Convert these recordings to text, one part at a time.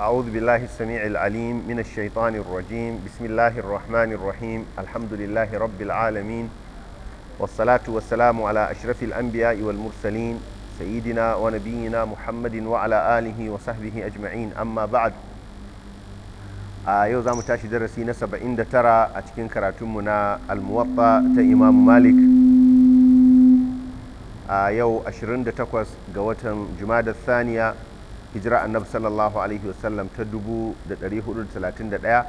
أعوذ بالله السميع العليم من الشيطان الرجيم بسم الله الرحمن الرحيم الحمد لله رب العالمين والصلاة والسلام على أشرف الأنبياء والمرسلين سيدنا ونبينا محمد وعلى آله وصحبه أجمعين أما بعد يوزا متاشي درسينا سبعين ترى أتكين كراتمنا الموطأ إمام مالك a yau 28 ga watan jumada thaniya hijira annabi sallallahu alaihi wasallam ta 431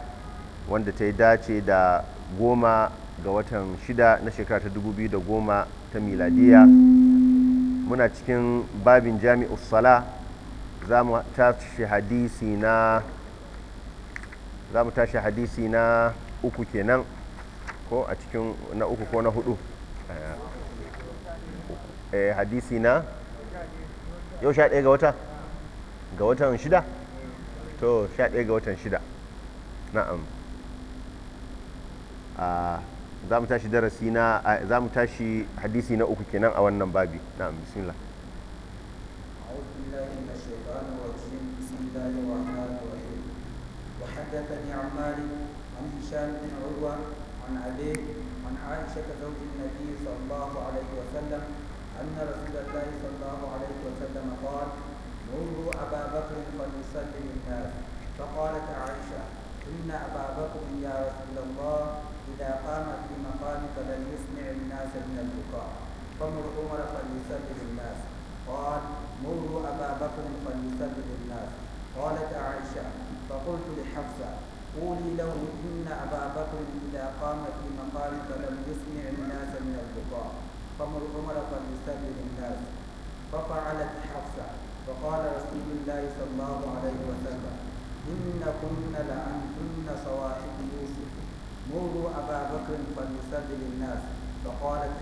wanda ta yi dace da goma ga watan shida na shekara ta 2010 ta miladiya muna cikin babin jami'ar sala za mu tashi hadisi na za mu tashi hadisi na uku kenan ko a cikin na uku ko na hudu eh, hadisi na yau sha ɗaya ga wata ga watan shida to sha ɗaya ga watan shida na'am za mu tashi darasi na za mu tashi hadisi na uku kenan a wannan babi na'am bismillah حدثني عن مالك عن هشام بن عروه عن عبيد عن عائشه زوج اقتلوا أبا بكر فليسد للناس فقالت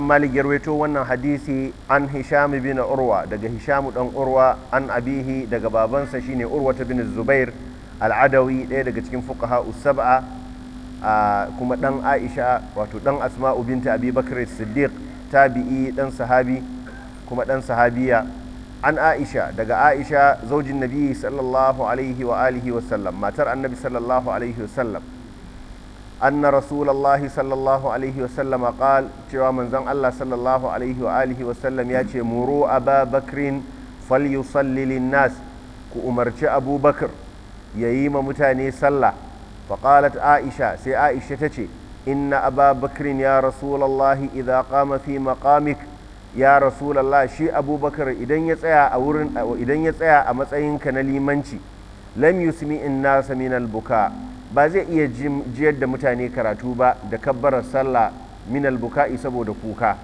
malik ya rawaito wannan hadisi an hishami bin urwa daga hishamu dan urwa an abihi daga babansa shine urwa ta bin zubair al'adawi ɗaya daga cikin fukaha usaba kuma dan aisha wato dan asma'u binta abi bakr siddiq tabi'i dan sahabi kuma dan sahabiya an aisha daga aisha zaujin nabi sallallahu alaihi wa alihi wa sallam matar annabi sallallahu alaihi wa sallam anna rasulullahi sallallahu alaihi wa sallam qal cewa manzon Allah sallallahu alaihi wa alihi wa sallam ya ce muru ababakrin falyusalli linnas ku umarci abubakar yayi ma mutane sallah faqalat aisha sai aisha tace إن أبا بكر يا رسول الله إذا قام في مقامك يا رسول الله شي أبو بكر إذن يتعي أورن أو إذن يتعي أما تسعين كان ليمنشي لم يسمي الناس من البكاء بازي إيا جيد متاني كراتوبا دكبر الصلاة من البكاء سبو دكوكا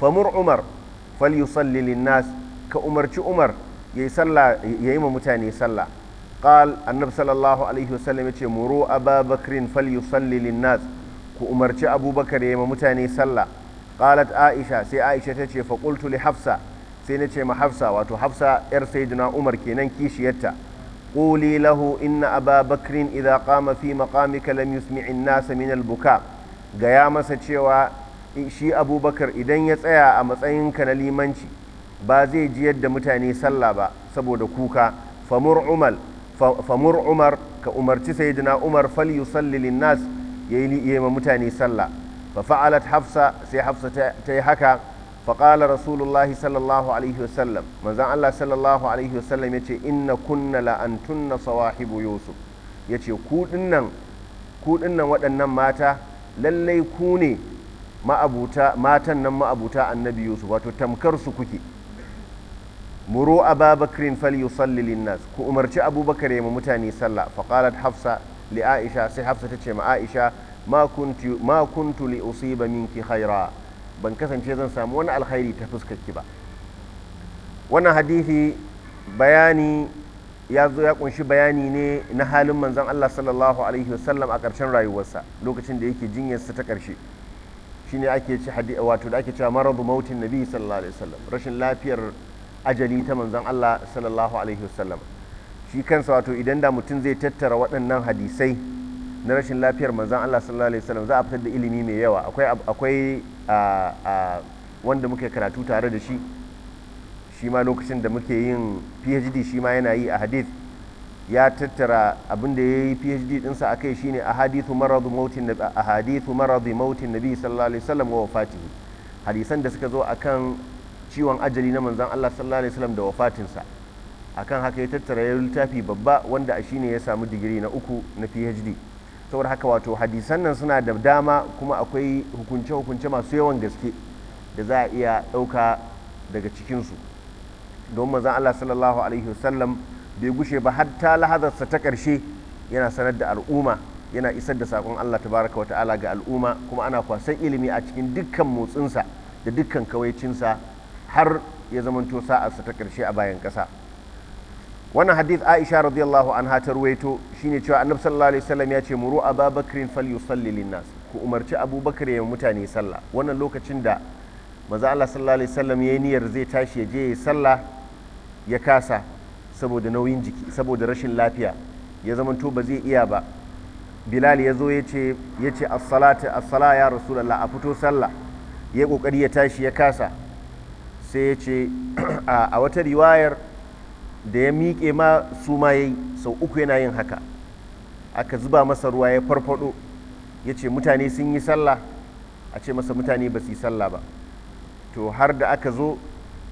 فمر عمر فليصلي للناس كأمر عمر يصلى يأيما متاني صلى qal annab sallallahu alaihi wasallam yace muru ababakrin falyusalli linnas ku umarci abubakar ya ma mutane sallah qalat aisha sai aisha tace fa qultu li hafsa sai nace ma hafsa wato hafsa yar saidina umar kenan kishiyarta quli lahu inna ababakrin idza qama fi maqamika lam yusmi' an-nas min al-buka gaya masa cewa shi abubakar idan ya tsaya a matsayinka na limanci ba zai ji yadda mutane sallah ba saboda kuka famur famur umar ka umarci sayyidina umar fal yusalli linnas yayi ma mutane sallah fa fa'alat hafsa sai hafsa ta yi haka fa qala rasulullah sallallahu alaihi wasallam manzon Allah sallallahu alaihi wasallam yace inna kunna la antunna sawahibu yusuf yace ku dinnan ku dinnan waɗannan mata lallai ku ne ma'abuta matan nan ma'abuta annabi yusuf wato tamkar su kuke muru ababakrin fal linnas ku umarci abubakar ya ma mutane sallah faqalat hafsa li aisha sai ta ce ma aisha ma kuntu ma kuntu li ban kasance zan samu wani alkhairi ta fuskarki ba wannan hadisi bayani ya zo ya kunshi bayani ne na halin manzon Allah sallallahu alaihi wasallam a ƙarshen rayuwarsa lokacin da yake jinyarsa ta ƙarshe shine ake ci wato da ake cewa maradu mautin nabi sallallahu alaihi wasallam rashin lafiyar ajali ta manzon Allah sallallahu alaihi wasallam shi kansa wato idan da mutum zai tattara waɗannan hadisai na rashin lafiyar manzon Allah sallallahu alaihi wasallam za a fitar da ilimi mai yawa akwai akwai wanda muke karatu tare da shi shi ma lokacin da muke yin PhD shi ma yana yi a hadith ya tattara abin da ya yi phd dinsa a kai shine ahadithu maradu mautin ahadithu maradu mautin nabi sallallahu alaihi wasallam wa wafatihi hadisan da suka zo akan ciwon ajali na manzan Allah sallallahu alaihi wasallam da wafatinsa akan haka ya tattara ya littafi babba wanda a shine ya samu digiri na uku na PhD saboda haka wato hadisan nan suna da dama kuma akwai hukunce-hukunce masu yawan gaske da za a iya ɗauka daga cikinsu don manzan Allah sallallahu alaihi wasallam bai gushe ba hatta lahazarsa ta karshe yana sanar da al'umma yana isar da saƙon Allah tabaraka wa ta'ala ga al'umma kuma ana kwasan ilimi a cikin dukkan motsinsa da dukkan kawaicinsa har ya zamanto sa'arsa ta ƙarshe a bayan ƙasa wannan hadith aisha radiyallahu anha ta ruwaito shine cewa annabi sallallahu alaihi wasallam ya ce muru ababakrin falyusalli linnas ku umarci abubakar ya mutane sallah wannan lokacin da maza Allah sallallahu alaihi wasallam yi niyyar zai tashi ya je ya sallah ya kasa saboda nauyin jiki saboda rashin lafiya ya zamanto ba zai iya ba bilal ya zo ya ce ya ce as-salatu as-sala a fito sallah ya kokari ya tashi ya kasa sai ya ce a wata riwayar da ya miƙe ma su ma ya yi sau uku yana yin haka aka zuba masa ruwa ya farfado ya ce mutane sun yi sallah a ce masa mutane ba su yi sallah ba to har da aka zo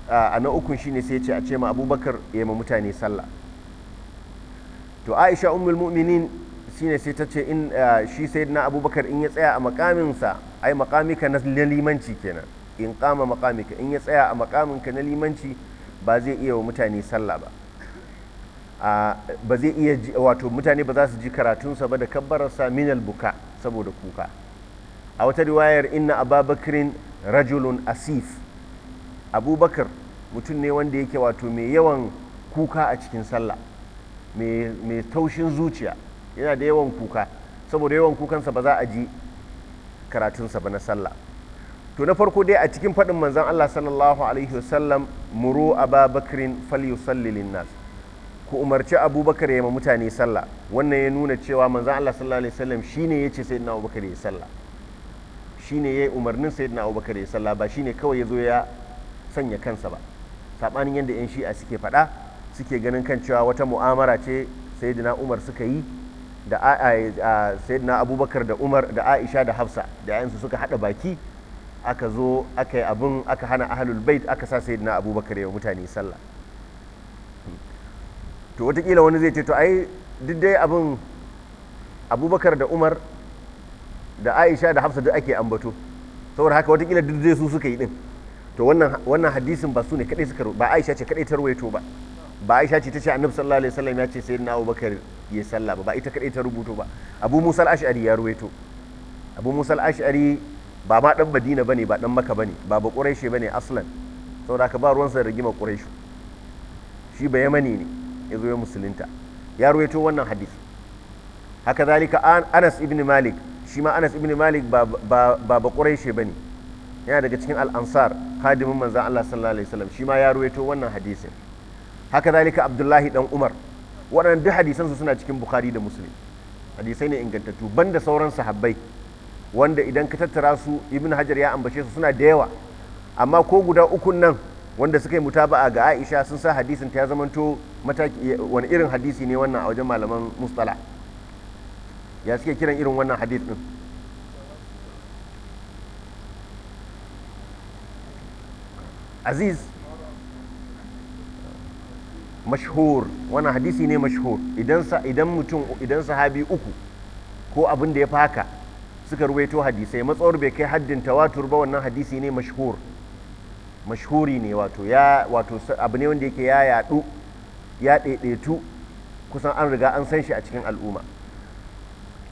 a na ukun shine sai ya ce a ce ma abubakar ya ma mutane sallah to aisha ummul mu'minin shine sai ta ce in shi sayyidina abubakar in ya tsaya a makaminsa ai makamika na limanci kenan in kama makamika in ya tsaya a makaminka na limanci ba zai iya wa mutane sallah ba ba zai iya wato mutane ba za su ji karatunsa ba da kabbararsa minal buka saboda kuka a wata riwayar inna ababakirin rajulun asif abubakar mutum ne wanda yake wato mai yawan kuka a cikin sallah mai taushin zuciya yana da yawan kuka saboda yawan kukansa ba za a ji karatunsa ba na sallah to na farko dai a cikin faɗin manzan Allah sallallahu alaihi wasallam muru ababakrin falyusallilin nas ku umarci abubakar ya ma mutane sallah wannan ya nuna cewa manzan Allah sallallahu alaihi wasallam shine ya ce sayyidina abubakar ya sallah shine ya yi umarnin sayyidina abubakar ya sallah ba shine kawai ya zo ya sanya kansa ba sabanin yadda yan shi'a suke faɗa suke ganin kan cewa wata mu'amara ce sayyidina umar suka yi da sayyidina abubakar da umar da aisha da hafsa da 'yansu suka haɗa baki aka zo aka yi abin aka hana ahalul bait aka sa na abubakar ya mutane sallah to watakila wani zai ce to ai duk dai abin abubakar da umar da aisha da hafsa duk ake ambato saboda haka watakila duk dai su suka yi din to wannan hadisin ba su ne kadai suka ba aisha ce kadai ta ruwaito ba ba aisha ce ta ce annabi sallallahu alaihi wasallam ya ce na abubakar ya sallah ba ba ita kadai ta rubuto ba abu musal ash'ari ya ruwaito abu musal ash'ari ba ma dan madina bane ba dan maka bane ba ba quraishi bane aslan saboda ka ba ruwan sa rigima quraishi shi ba yamani ne yazo ya musulunta ya ruwaito wannan hadisi haka zalika Anas ibn Malik shi ma Anas ibn Malik ba ba ba, bane yana daga cikin al-ansar hadimin manzon Allah sallallahu alaihi wasallam shi ma ya ruwaito wannan hadisin haka zalika Abdullahi dan Umar waɗannan duk hadisansu suna cikin Bukhari da Muslim hadisai ne ingantattu banda sauran sahabbai wanda idan ka tattara su ibn hajar ya ambace su suna da yawa amma ko guda ukun nan wanda suka yi mutaba'a ga aisha sun sa hadisin ta ya zamanto mataki wani irin hadisi ne wannan a wajen malaman mustala ya suke kiran irin wannan hadis din aziz mashhur wannan hadisi ne mashhur idan mutum idan sahabi uku ko abin da ya fi haka suka ruwaito hadisai matsawar bai kai haddin tawatur ba wannan hadisi ne mashhur mashhuri ne wato ya wato abu ne wanda yake ya yadu ya daidaitu kusan an riga an san shi a cikin al'umma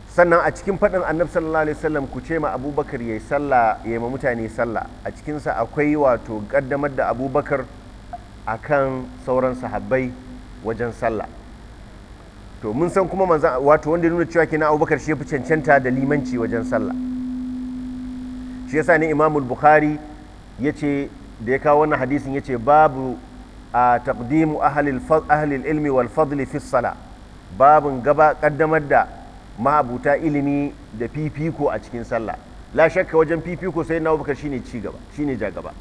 sannan a cikin faɗin annabi sallallahu alaihi wasallam ku ce ma abubakar ya yi sallah ya ma mutane sallah a cikinsa akwai wato ƙaddamar da abubakar akan sauran sahabbai wajen sallah to mun san kuma manzan wato wanda nuna cewa kenan abubakar shi fi cancanta da limanci wajen sallah shi yasa ne imamul bukhari ya ce da ya kawo wannan hadisin ya ce babu a taqdimu ahlil ilmi wal fadli fi sala babun gaba kaddamar da ma'abuta ilimi da fifiko a cikin sallah la shakka wajen fifiko sai na abubakar shine ci shine ja gaba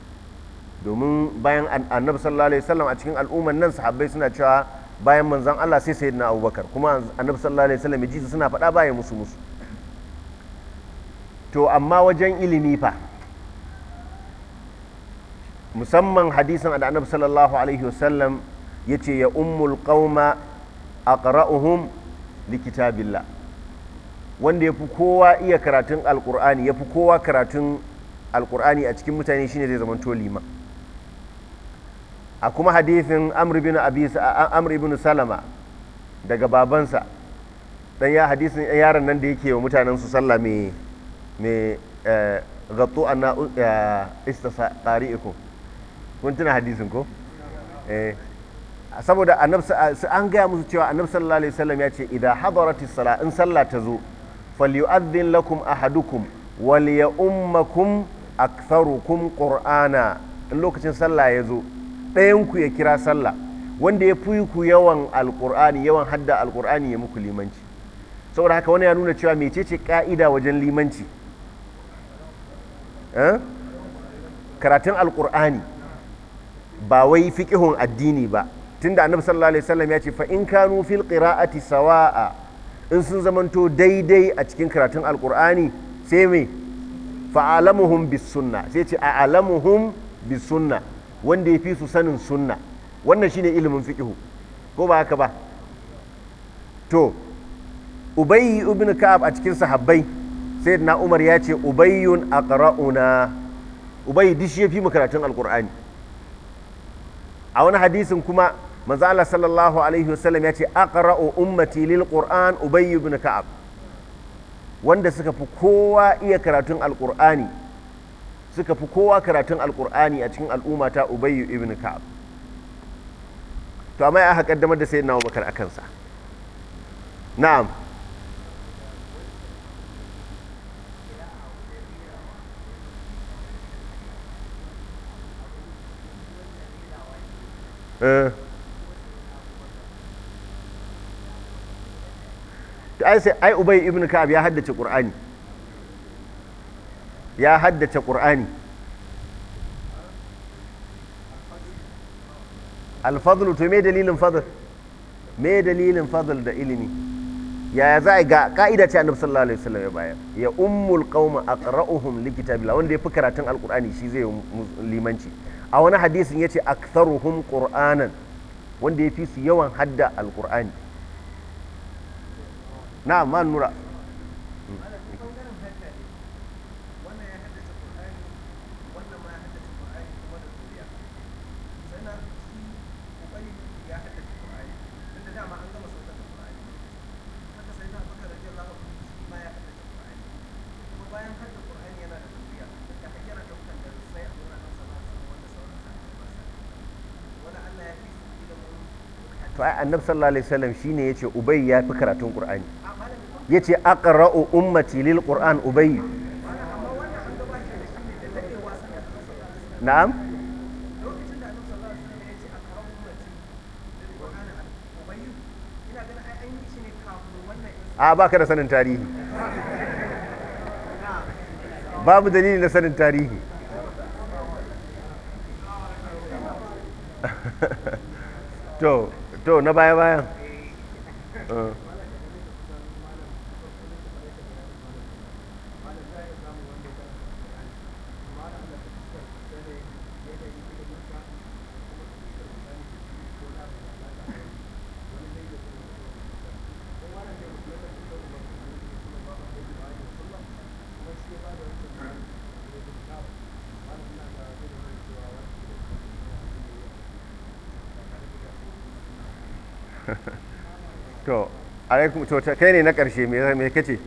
domin bayan annabi sallallahu alaihi wasallam a cikin al'umman nan sahabbai suna cewa bayan manzon Allah sai sayyidina Abubakar kuma annabi sallallahu alaihi wasallam yaji suna faɗa bayan musu musu to amma wajen ilimi fa musamman hadisin da annabi sallallahu alaihi wasallam yace ya ummul qauma aqra'uhum likitabillah wanda yafi kowa iya karatun alqur'ani yafi kowa karatun alqur'ani a cikin mutane shine zai zama to liman a kuma hadithin amri ibn salama daga babansa dan ya hadisin yaron nan da yake wa mutanen su sallah mai mai an anna eh, istasa qari'ikum kun tuna hadisin ko eh saboda an gaya musu cewa annabi sallallahu alaihi wasallam ya ce idan hadarati sala in sallah ta zo falyu'adhdhin lakum ahadukum wal ya'ummakum aktharukum qur'ana in lokacin sallah ya zo ɗayanku ya kira sallah wanda ya fi ku yawan alƙur'ani yawan hadda alkur'ani ya muku limanci saboda haka wani ya nuna cewa mecece ka'ida wajen limanci eh? karatun alƙur'ani ba wai fiƙihun addini ba tunda annabi sallallahu alaihi wasallam ya ce fa in kanu fil qira'ati sawa'a in sun zamanto daidai a cikin karatun alkur'ani sai me fa'alamuhum bis sunna sai ce a'lamuhum bis sunna wanda ya fi su sanin sunna wannan shine ilimin fiqhu ko ba haka ba to ubayyi ibn ka'ab a cikin sahabbai sayyidina umar ya ce ubayyun aqra'una ubayy dish ya fi mu karatun alqur'ani a wani hadisin kuma manzo Allah sallallahu alaihi wasallam ya ce aqra'u ummati lil qur'an ibn ka'ab wanda suka fi kowa iya karatun alqur'ani suka fi kowa karatun alkur'ani a cikin al'umma ta ubayyu ibn ka'ab to amma ya kaddamar da na wabakar a kansa na'am eh. ai sai ai Ubayyu ibn ka'ab ya haddace qur'ani ya haddace ƙur'ani alfadlu to me dalilin fadl me dalilin fadl da ilimi yaya za a ga ka'ida ce annabi sallallahu alaihi wasallam ya bayar ya ummul qauma aqra'uhum li kitabillah wanda ya fi karatun alqur'ani shi zai limanci a wani hadisin yace aktharuhum qur'anan wanda ya fi su yawan hadda alqur'ani na'am ma nura to ai annabi sallallahu alaihi wasallam shine yace ubay ya fi karatun qur'ani yace aqra'u ummati lil qur'an ubay na'am a ba ka da sanin tarihi babu dalili na sanin tarihi to Joe, na baya-baya. Uh. alaikum to kai ne na karshe me kace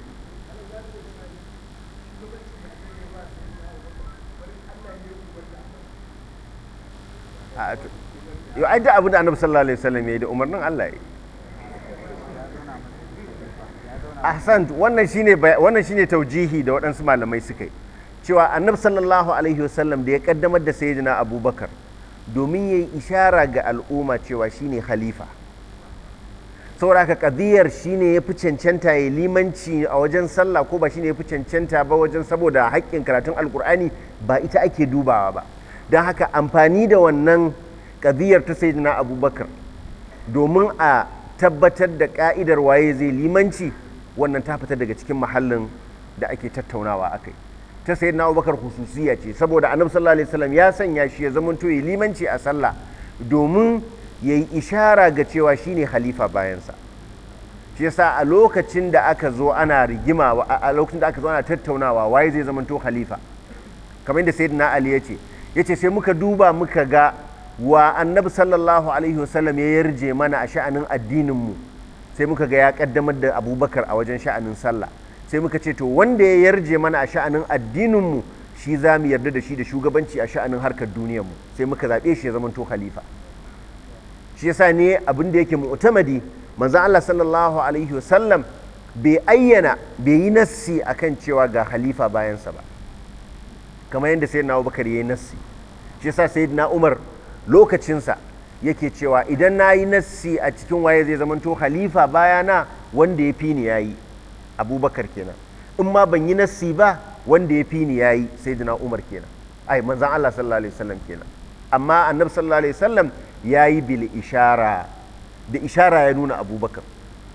yau ai abu da annabi sallallahu alaihi wasallam ya yi da umarnin Allah ya yi ahsan wannan shine wannan shine taujihi da waɗansu malamai suka yi cewa annabi sallallahu alaihi wasallam da ya kaddamar da sayyidina abubakar domin ya yi ishara ga al'umma cewa shine khalifa saboda haka kadiyar shine ya fi cancanta ya limanci a wajen sallah ko ba shine ya fi cancanta ba wajen saboda haƙƙin karatun alkur'ani ba ita ake dubawa ba don haka amfani da wannan kadiyar ta sayyidina abubakar domin a tabbatar da ka'idar waye zai limanci wannan ta fita daga cikin mahallin da ake tattaunawa a kai ta sayyidina abubakar hususiya ce saboda annabi sallallahu alaihi wasallam ya sanya shi ya zamanto ya limanci a sallah domin ya yi ishara ga cewa shi ne halifa bayansa shi yasa a lokacin da aka zo ana rigima a lokacin da aka zo ana tattaunawa waye zai zamanto halifa kamar yadda na' ali ya ce ya ce sai muka duba muka ga wa annabi sallallahu alaihi wasallam ya yarje mana a sha'anin addininmu sai muka ga ya kaddamar da abubakar a wajen sha'anin sallah sai muka ce to wanda ya yarje mana a sha'anin addininmu shi za mu yarda da shi da shugabanci a sha'anin harkar duniyarmu sai muka zaɓe shi ya zamanto halifa shi yasa ne abin da yake mu'tamadi manzo Allah sallallahu alaihi wasallam bai ayyana bai yi nassi akan cewa ga khalifa bayansa ba kamar yadda sayyidina Abubakar yayi nassi shi yasa sayyidina Umar lokacinsa yake cewa idan na yi nassi a cikin waye zai zamanto khalifa bayana wanda ya fi ni yayi abubakar kenan in ma ban yi nassi ba wanda ya fi ni yayi sayyidina Umar kenan ai manzo Allah sallallahu alaihi wasallam kenan amma annabi sallallahu alaihi wasallam ya yi bil ishara da ishara ya nuna abubakar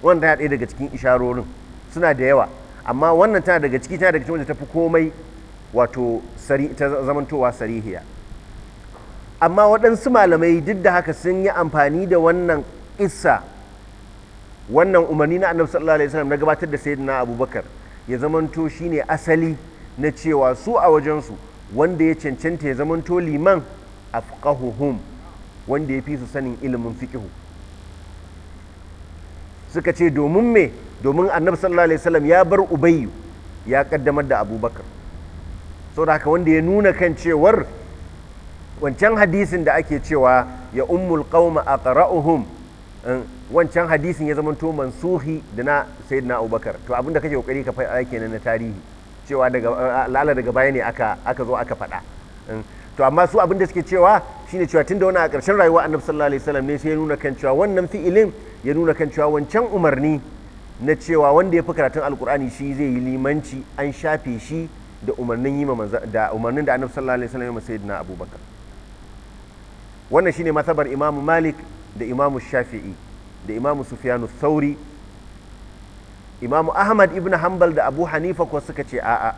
wanda ya ɗaya daga cikin isharorin suna da yawa amma wannan tana daga ciki tana daga cikin wanda ta fi komai wato ta zamantowa sarihiya amma waɗansu malamai duk da haka sun yi amfani da wannan isa wannan umarni na annabi sallallahu alaihi wasallam na gabatar da sayyidina abubakar ya zamanto shine asali na cewa su a wajensu wanda ya cancanta ya zamanto liman afqahuhum wanda ya fi su sanin ilimin fiƙihu suka ce domin me domin annabi sallallahu alaihi wasallam ya bar ubayyu ya kaddamar da abubakar da haka wanda ya nuna kan cewar wancan hadisin da ake cewa ya ummul qauma aqra'uhum eh, wancan hadisin ya zama zamanto mansuhi da na sayyidina abubakar to abinda kake kokari ka faɗa kenan na tarihi cewa daga eh, daga baya ne aka aka zo aka faɗa eh. to amma su abin da suke cewa shine cewa tunda wani a ƙarshen rayuwa annabi sallallahu alaihi wasallam ne sai ya nuna kan cewa wannan fi'ilin ya nuna kan cewa wancan umarni na cewa wanda ya fi karatun alkur'ani shi zai yi limanci an shafe shi da umarnin yi da umarnin da annabi sallallahu alaihi wasallam ya sayyidina abubakar wannan shine masabar imamu malik da imamu shafi'i da imamu sufyanu thauri imamu ahmad ibn hanbal da abu hanifa ko suka ce a'a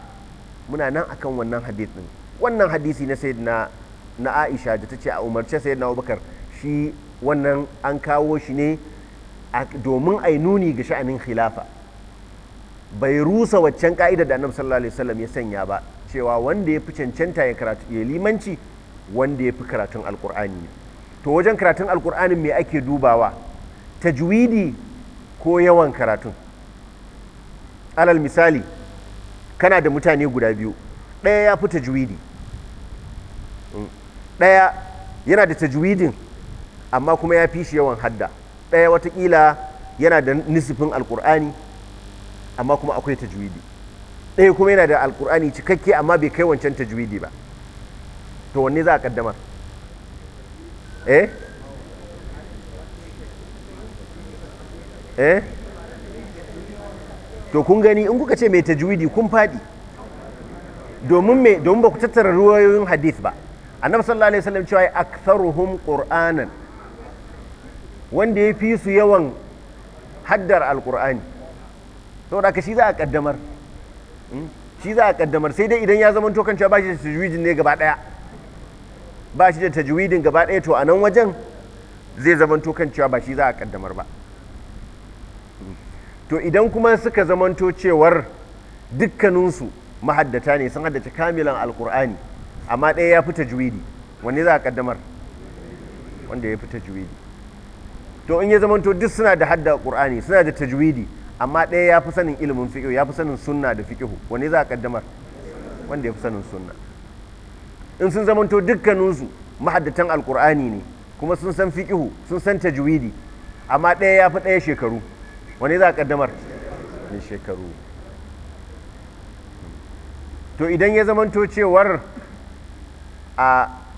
muna nan akan wannan hadith din wannan hadisi na sayyidina na aisha da ta ce a umarce sayyidina abubakar shi wannan an kawo shi ne domin a nuni ga sha'anin khilafa bai rusa waccan ka'idar da annabi sallallahu alaihi wasallam ya sanya ba cewa wanda ya fi cancanta ya karatu ya limanci wanda ya fi karatun alkur'ani to wajen karatun alkur'ani me ake dubawa tajwidi ko yawan karatun alal misali kana da mutane guda biyu ɗaya ya fi tajwidi ɗaya yana da tajwidin amma kuma ya fi shi yawan hadda ɗaya watakila yana da nisifin alkur'ani amma kuma akwai tajwidi ɗaya kuma yana da alkur'ani cikakke amma bai kai wancan tajwidi ba to wanne za a kaddamar eh eh to kun gani in kuka ce mai tajwidi kun faɗi domin ba ku tattara ruwayoyin hadith ba annabi sallallahu alaihi wasallam cewa aktharuhum qur'anan wanda ya fi su yawan haddar alqur'ani saboda ka shi za a kaddamar hmm? shi za a kaddamar sai dai idan ya zama to cewa ba shi da tajwidin ne gaba daya ba shi da tajwidin gaba daya to a nan wajen zai zama to cewa ba shi za a kaddamar ba hmm. to idan kuma suka zamanto cewar dukkaninsu mahaddata ne sun haddace kamilan alkur'ani amma ɗaya ya fi tajwidi wanne za a kaddamar wanda ya fi tajwidi to in ya zamanto duk suna da hadda qur'ani suna da tajwidi amma ɗaya ya fi sanin ilimin fiƙihu ya fi sanin sunna da fiƙihu wanne za a kaddamar wanda ya fi sanin sunna in sun zamanto dukkaninsu mahaddatan alqur'ani ne kuma sun san fiƙihu sun san tajwidi amma ɗaya ya fi ɗaya shekaru wanne za a kaddamar ne shekaru to idan ya zamanto cewar a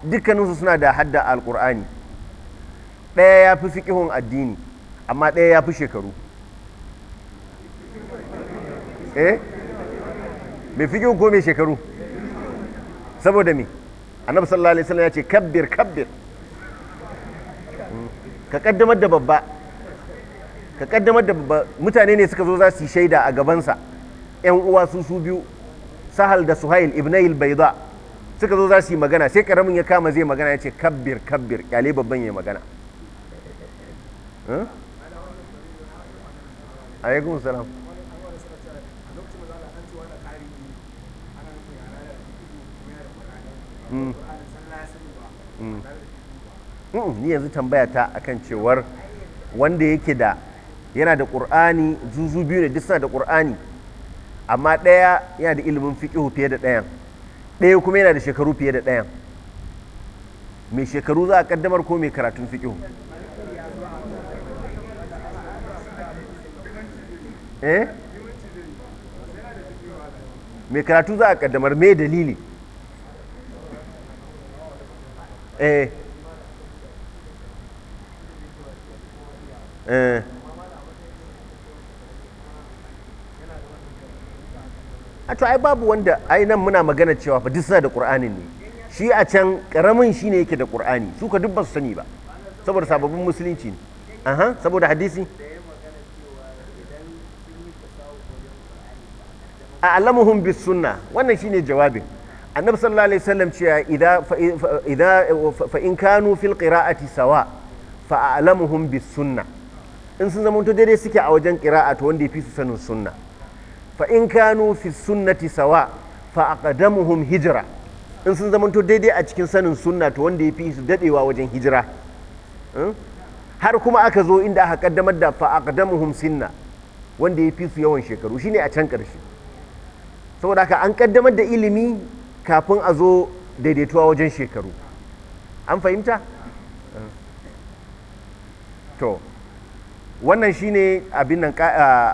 dukkaninsu suna da hadda alkur'ani ɗaya ya fi fikihun addini amma ɗaya ya fi shekaru eh mai fikihun ko mai shekaru saboda me annabi sallallahu alaihi wasallam ya ce kabbir kabbir ka kaddamar da babba ka kaddamar da babba mutane ne suka zo za su yi shaida a gabansa yan uwa su su biyu sahal da suhail ibnayil baida suka zo za su yi magana sai karamin ya kama zai magana ya ce kabbir kabbir kyale babban ya magana gun salam hmm. Hmm. Hmm. ni yanzu tambaya ta akan cewar wanda yake da yana da ƙur'ani zuzu biyu ne duk suna da ƙur'ani amma ɗaya yana da ilimin fiƙihu fiye da ɗayan ɗaya kuma yana da shekaru fiye da ɗayan mai shekaru za a kaddamar ko mai karatun fiƙi eh mai karatu za a kaddamar mai dalili eh eh a to ai babu wanda ai nan muna magana cewa fa duk suna da qur'ani ne shi a can karamin shine yake da qur'ani su ka duk ba su sani ba saboda sababbin musulunci ne aha saboda hadisi a alamuhum bis sunna wannan shine jawabin annabi sallallahu alaihi wasallam cewa idza idza fa in kanu fil qira'ati sawa fa a'lamuhum bis sunna in sun zama to daidai suke a wajen qira'a to wanda yafi su sanin sunna fa in kanu fi sunnati sawa fa in sun zamanto daidai a cikin sanin sunna to wanda ya fi su dadewa wajen hijira hmm? har kuma aka zo inda aka kaddamar da fa sinna wanda ya fi su yawan shekaru shine a can karshe saboda haka an kaddamar da ilimi kafin a zo daidaituwa wajen shekaru an fahimta hmm. to wannan shine abin nan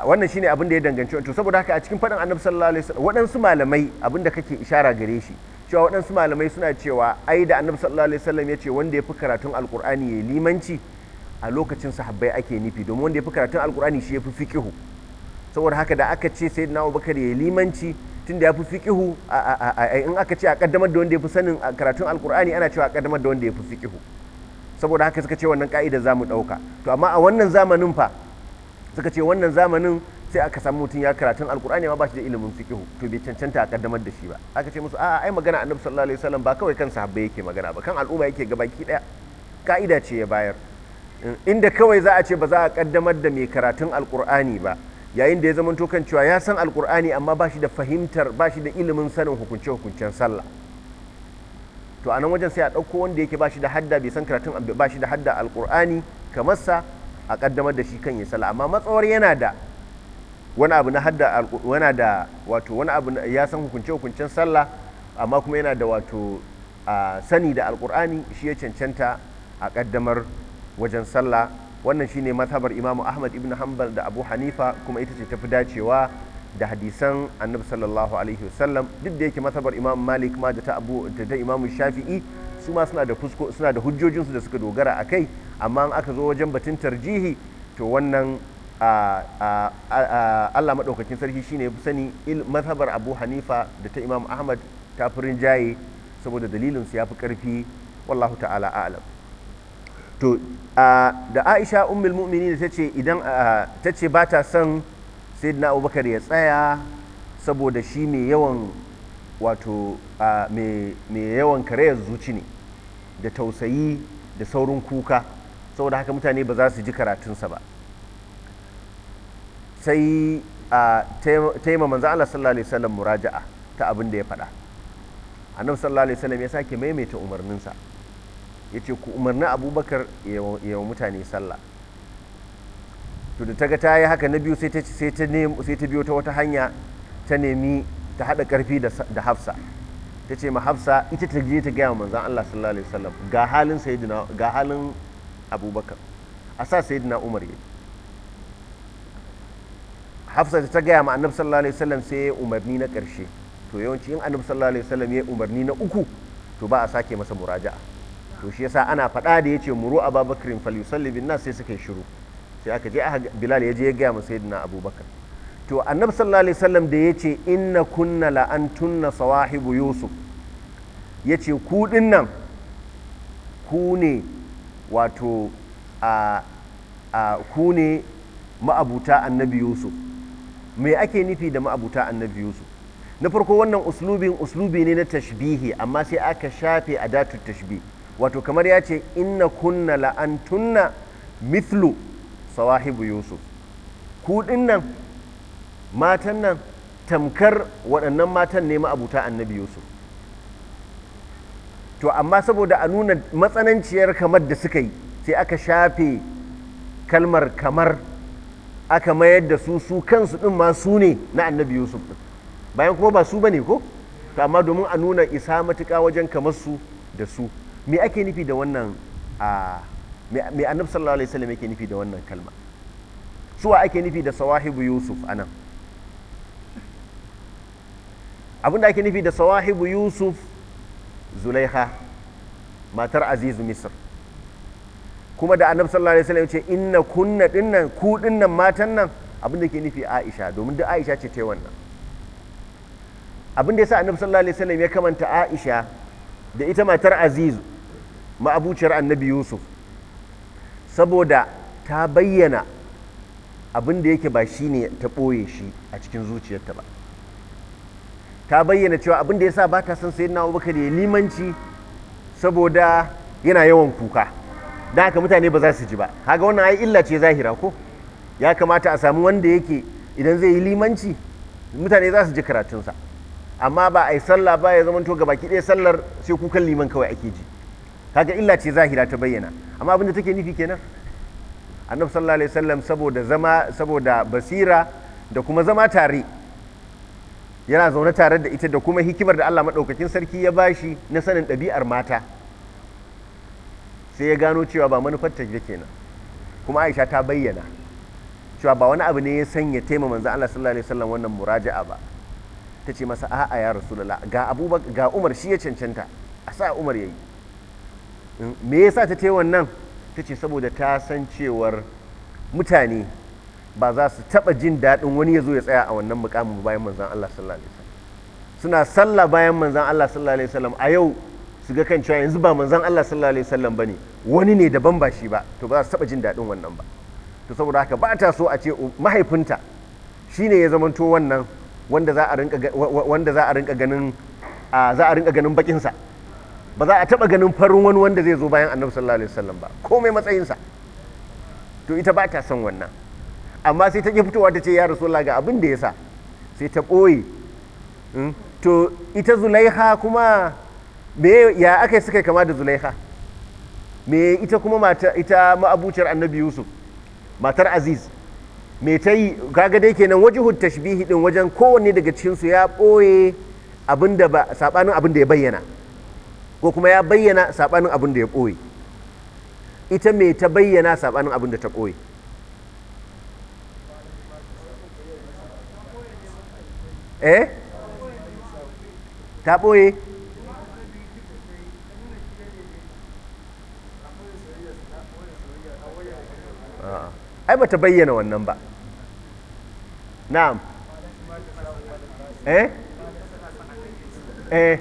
wannan shine abin da ya danganci wato saboda haka a cikin faɗin annabi sallallahu alaihi wasallam waɗansu malamai abin da kake ishara gare shi cewa waɗansu malamai suna cewa ai da annabi sallallahu alaihi wasallam ya ce wanda ya fi karatun alkur'ani ya limanci a lokacin sahabbai ake nufi domin wanda ya fi karatun alkur'ani shi ya fi fiqihu saboda haka da aka ce sai na abubakar ya limanci tun da ya fi fiqihu in aka ce a kaddamar da wanda ya fi sanin karatun alkur'ani ana cewa a kaddamar da wanda ya fi fiqihu saboda haka suka ce wannan ka'idar za mu ɗauka to amma a wannan zamanin fa suka ce wannan zamanin sai aka samu mutum ya karatu alkur'ani amma ba shi da ilimin fiqh to bai cancanta a kaddamar da shi ba aka ce musu a'a ai magana annabi sallallahu alaihi wasallam ba kawai kan sahabbai yake magana ba kan al'umma yake gabaki daya ka'ida ce ya bayar inda kawai za a ce ba za a kaddamar da mai karatun alkur'ani ba yayin da ya zama kan cewa ya san alkur'ani amma ba shi da fahimtar ba shi da ilimin sanin hukunce hukuncen sallah to a wajen sai a ɗauko wanda yake bashi da hadda bai san karatun bashi da hadda alkur'ani kamar sa a kaddamar da shi kan ya sallah amma matsawar yana da wani abu na hadda wani da wato wani abu ya san hukunce hukuncen sallah amma kuma yana da wato sani da alkur'ani shi ya cancanta a kaddamar wajen sallah wannan shine mazhabar imamu ahmad ibn hanbal da abu hanifa kuma ita ce tafi dacewa da hadisan annabi sallallahu alaihi wasallam duk da yake masabar imam malik ma da ta abu da ta imam shafi'i su ma suna da fusko suna da hujjojinsu da suka dogara a kai amma in aka zo wajen batun tarjihi to wannan Allah maɗaukakin sarki shine ya fi sani mazhabar Abu Hanifa da ta Imam Ahmad ta fi rinjaye saboda dalilin su ya fi ƙarfi wallahu ta'ala a'lam to da Aisha ummul mu'minin ta ce idan ta ce ba ta son sayyidina abubakar ya tsaya saboda shi mai yawan wato mai yawan karayar zuci ne da tausayi da saurin kuka saboda haka mutane ba za su ji karatunsa ba sai a taima manzan Allah sallallahu alaihi wasallam muraja'a ta abin da ya faɗa annabi sallallahu alaihi wasallam ya sake maimaita umarninsa ya ce ku umarni abubakar yawan mutane sallah to da ta ga ta yi haka na biyu sai ta sai ta sai ta biyo ta wata hanya ta nemi ta hada karfi da da Hafsa ta ce ma Hafsa ita ta je ta gaya manzon Allah sallallahu alaihi wasallam ga halin sayyidina ga halin Abubakar a sa sayyidina Umar yayi Hafsa ta gaya ma Annabi sallallahu alaihi wasallam sai ya umarni na karshe to yawanci in Annabi sallallahu alaihi wasallam ya umarni na uku to ba a sake masa muraja'a to shi yasa ana faɗa da yace muru ababakrin falyusalli bin nas sai suka yi shiru sai aka je bilal ya je ya gaya masa yadda abubakar to annabi sallallahu alaihi wasallam da ya ce inna kunna la antunna sawahibu yusuf ya ce ku nan ku ne wato a ku ne ma'abuta annabi yusuf me ake nufi da ma'abuta annabi yusuf na farko wannan uslubin uslubi ne na tashbihi amma sai aka shafe a datu tashbi. wato kamar ya ce inna kunna la'antunna mithlu sawahibu yusuf ku nan matan nan tamkar waɗannan matan ne ma'abuta annabi yusuf to amma saboda a nuna matsananciyar kamar da suka yi sai aka shafe kalmar kamar aka mayar da su su kansu ɗin ma su ne na annabi yusuf bayan kuma ba su ba ne ko to amma domin a nuna isa matuka wajen kamar su da su me ake nufi da wannan a ah, me annabi sallallahu alaihi wasallam yake nufi da wannan kalma suwa ake nufi da sawahibu yusuf anan abin da ake nufi da sawahibu yusuf zulaiha matar azizu misr kuma da annabi sallallahu alaihi wasallam ce inna kunna dinnan ku dinnan matan nan abin da ke nufi aisha domin da aisha ce ta wannan abin da yasa annabi sallallahu alaihi wasallam ya kamanta aisha da ita matar azizu abuciyar annabi yusuf saboda ta bayyana abin da yake ba shi ne ta ɓoye shi a cikin zuciyarta ba ta bayyana cewa abin da ya sa ba ta son sayi na abubakar ya limanci saboda yana yawan kuka da haka mutane ba za su ji ba haga wannan ai illa ce zahira ko ya kamata a sami wanda yake idan zai yi limanci mutane za su ji karatunsa amma ba a yi sallah ba ya zama to gabaki ɗaya sallar sai kukan liman kawai ake ji kaga illa ce zahira ta bayyana amma abinda take nufi kenan annabi sallallahu alaihi wasallam saboda zama saboda basira da kuma zama tare yana zaune tare da ita da kuma hikimar da Allah maɗaukakin sarki ya bashi na sanin ɗabi'ar mata sai ya gano cewa ba manufar ta kenan kuma Aisha ta bayyana cewa ba wani abu ne ya sanya taimama manzo Allah sallallahu alaihi wasallam wannan muraja'a ba ta ce masa a'a ya rasulullah ga abubakar ga Umar shi ya cancanta a sa Umar yayi me yasa ta ce wannan ta ce saboda ta san cewar mutane ba za su taba jin daɗin wani ya zo ya tsaya a wannan mukamin bayan manzan Allah sallallahu alaihi wasallam suna sallah bayan manzan Allah sallallahu alaihi wasallam a yau su ga kan cewa yanzu ba manzan Allah sallallahu alaihi wasallam bane wani ne daban ba shi ba to ba za su taba jin daɗin wannan ba to saboda haka ba ta so a ce mahaifinta shine ya zamanto wannan wanda za a rinka wanda za a rinka ganin za a rinka ganin bakin sa ba za a taba ganin farin wani wanda zai zo bayan annabi sallallahu alaihi wasallam ba komai matsayinsa to ita ba ta son wannan amma sai ta ki fitowa ta ce ya rasulullah ga abin da ya sa sai ta ɓoye hmm? to ita zulaiha kuma me ya aka suka kama da zulaiha me ita kuma mata ita ma'abuciyar annabi yusuf matar aziz me ta yi kaga dai kenan wajihun tashbihi din wajen kowanne daga cikin su ya boye abin ba saɓanin abinda ya bayyana ko kuma ya bayyana saɓanin abin da ya ɓoye ita me ta bayyana saɓanin abin da ta ɓoye eh ta ɓoye ai ba ta bayyana wannan ba na'am eh eh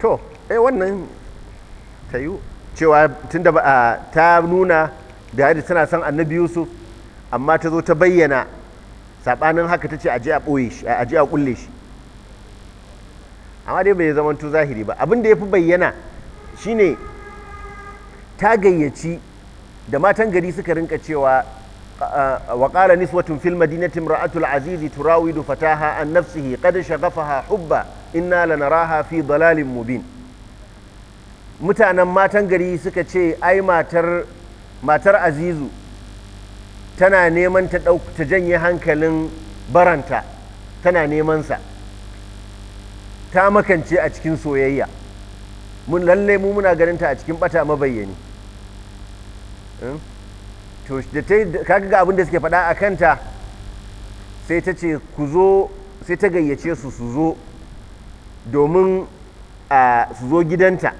to eh wannan ta yi cewa tun da ta nuna da hadi tana son annabi yusuf amma ta zo ta bayyana saɓanin haka ta ce a ɓoye a ƙulle shi amma dai bai zamanto zahiri ba abin da ya fi bayyana shine ta gayyaci da matan gari suka rinka cewa wa qala niswatun na madinati imra'atul azizi turawidu fataha an nafsihi shagafa ha hubba inna lanaraha fi dalalin mubin mutanen matan gari suka ce ai matar matar azizu tana neman ta ta janye hankalin baranta tana neman sa ta makance a cikin soyayya mun lalle mu muna ganin ta a cikin bata mabayyani hmm? to da kaga ga abin da suke faɗa a kanta sai ta ce ku zo sai ta gayyace su su zo domin su zo gidanta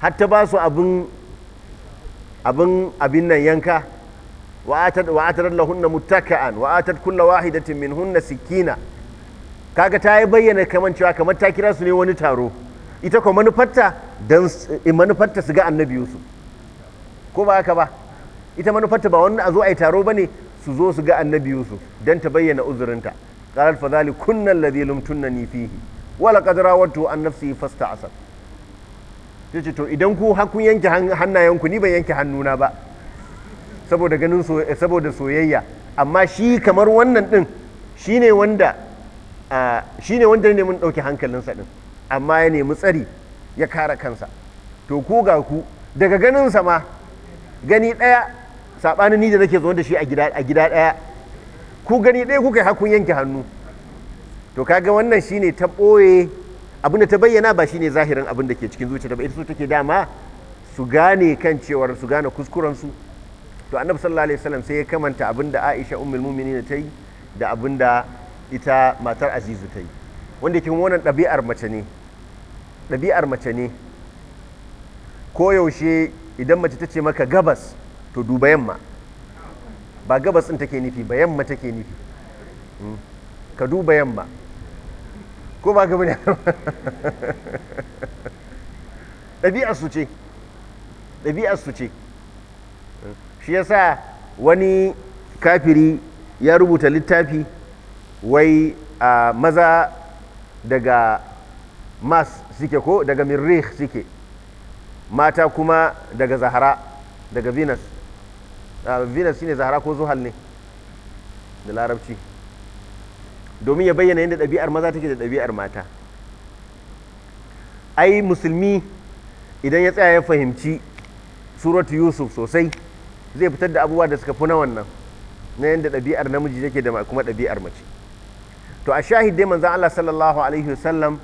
hatta ba su abin abin nan yanka wa'atar wa'atar lahunna a wa'atar kulla wahidatin min hunna sikina kaga ta yi bayyana kamar cewa kamar ta kira su ne wani taro ita ko manufarta dan eh, manufarta su ga annabi Yusuf ko ba haka ba ita manufarta ba wani a zo a yi taro bane su zo su ga annabi Yusuf dan ta bayyana uzurinta qalat fa dhalikunna alladhi lumtunani fihi wala kadara wato an nafsi fasta Asar. ya to idan ku har kun yanke hannayenku ni ban yanke hannuna ba saboda ganin saboda soyayya amma shi kamar wannan din shine wanda shine wanda ne mun dauke hankalinsa din amma ya nemi tsari ya kare kansa to ku ga ku daga ganin sa ma gani daya sabanin ni da nake zo da shi a gida a daya ku gani daya kuka yi hakun yanke hannu to kaga wannan shine ta ɓoye abin da ta bayyana ba shine zahirin abin da ke cikin zuciya ba ita so take dama su gane kan cewar su gane kuskurensu to annabi sallallahu alaihi wasallam sai ya kamanta abin da Aisha ummul mu'minin ta yi da abin da ita matar Azizu ta yi wanda kin wannan ɗabi'ar mace ne ɗabi'ar mace ne koyaushe idan mace ta ce maka gabas to duba yamma ba gabas ɗin take nufi ba yamma take nufi hmm. ka duba yamma ko ba ka bane ɗabi'ar su ce ɗabi'ar su ce shi yasa wani kafiri ya rubuta littafi wai a maza daga mas suke ko daga mirrih suke mata kuma daga zahara daga venus venus shine zahara ko zuhal ne da larabci domin ya bayyana yadda ɗabi'ar maza take da ɗabi'ar mata ai musulmi idan ya tsaya ya fahimci suratu yusuf sosai zai fitar da abubuwa da suka fi na wannan na yadda ɗabi'ar namiji take da kuma ɗabi'ar mace to a shahid dai manzan allah sallallahu alaihi wasallam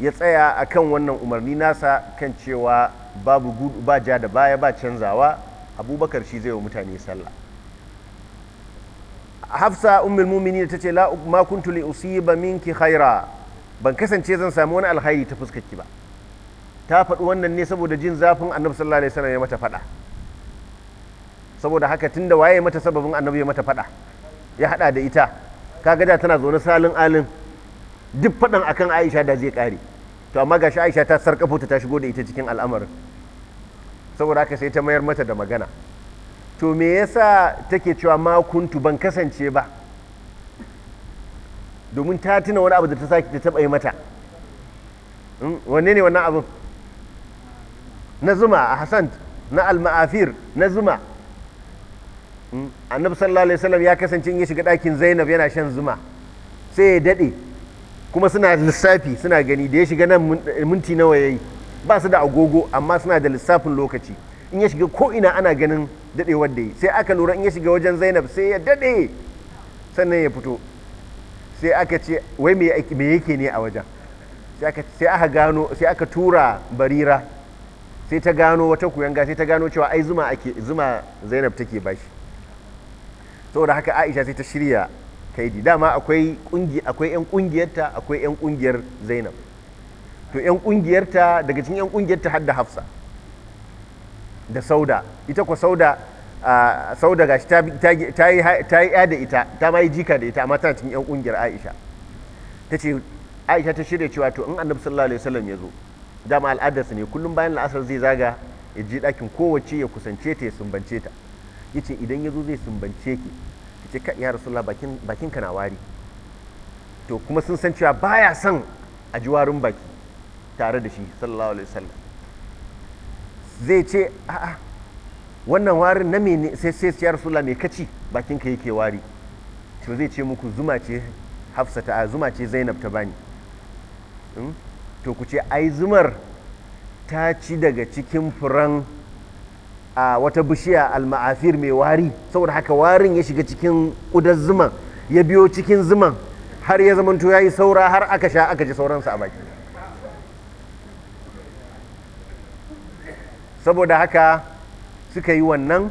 ya tsaya a kan wannan umarni nasa kan cewa babu gudu ba ja da baya ba canzawa abubakar shi zai wa mutane sallah hafsa ummul mu'minin ta ce la ma kuntu li usiba minki khaira ban kasance zan sami wani alkhairi ta fuskarki ba ta faɗi wannan ne saboda jin zafin annabi sallallahu alaihi wasallam ya mata faɗa saboda haka tunda waye mata sababin annabi ya mata faɗa ya haɗa da ita kaga da tana zaune salin alin duk faɗan akan Aisha da zai ƙare to amma gashi Aisha ta sarƙafo ta shigo da ita cikin al'amarin saboda haka sai ta mayar mata da magana to me yasa take cewa ma ban kasance ba domin ta tuna wani abu da ta sake ta taba yi mata hmm? wanne ne wannan abu? na zuma a hassan na alma'afir na zuma hmm? a sallallahu alaihi wasallam ya kasance in ya shiga ɗakin zainab yana shan zuma sai ya daɗe kuma suna lissafi suna gani da ya shiga nan minti nawa ya yi ba su da agogo amma suna da lissafin lokaci in ya shiga ko ina ana ganin Dade da yi sai aka lura in ya shiga wajen zainab sai ya dade sannan ya fito sai aka ce wai me yake ne a wajen sai aka gano sai aka tura barira sai ta gano wata kuyanga sai ta gano cewa ai zuma ake zuma zainab take bashi saboda haka aisha sai ta shirya kaidi dama akwai kungi akwai yan kungiyarta akwai yan kungiyar zainab to yan kungiyarta daga cikin yan kungiyarta har da hafsa da sauda ita ko sauda sauda shi ta yi ya da ita ta bayi jika da ita amma tana cikin yan kungiyar aisha ta ce aisha ta shirya cewa to in annabi sallallahu alaihi wasallam ya zo dama al'adarsa ne kullum bayan la'asar zai zaga ya je ɗakin kowace ya kusance ta ya sumbance ta ya ce idan ya zo zai sumbance ki ya ce ya ya rasulullah bakin ka na wari to kuma sun san cewa baya son a ji warin baki tare da shi sallallahu alaihi wasallam zai ce a'a wannan warin na mene sai sai ya rasula mai kaci bakin ka yake wari to zai ce muku zuma ce hafsa ta zuma ce zainab ta bani hmm? to ku ce ai zumar ta ci daga cikin furan a wata bishiya alma'afir mai wari saboda haka warin ya shiga cikin kudar zuman ya biyo cikin zuman har ya zamanto ya yi saura har aka sha aka ji sauransa a baki saboda haka suka yi wannan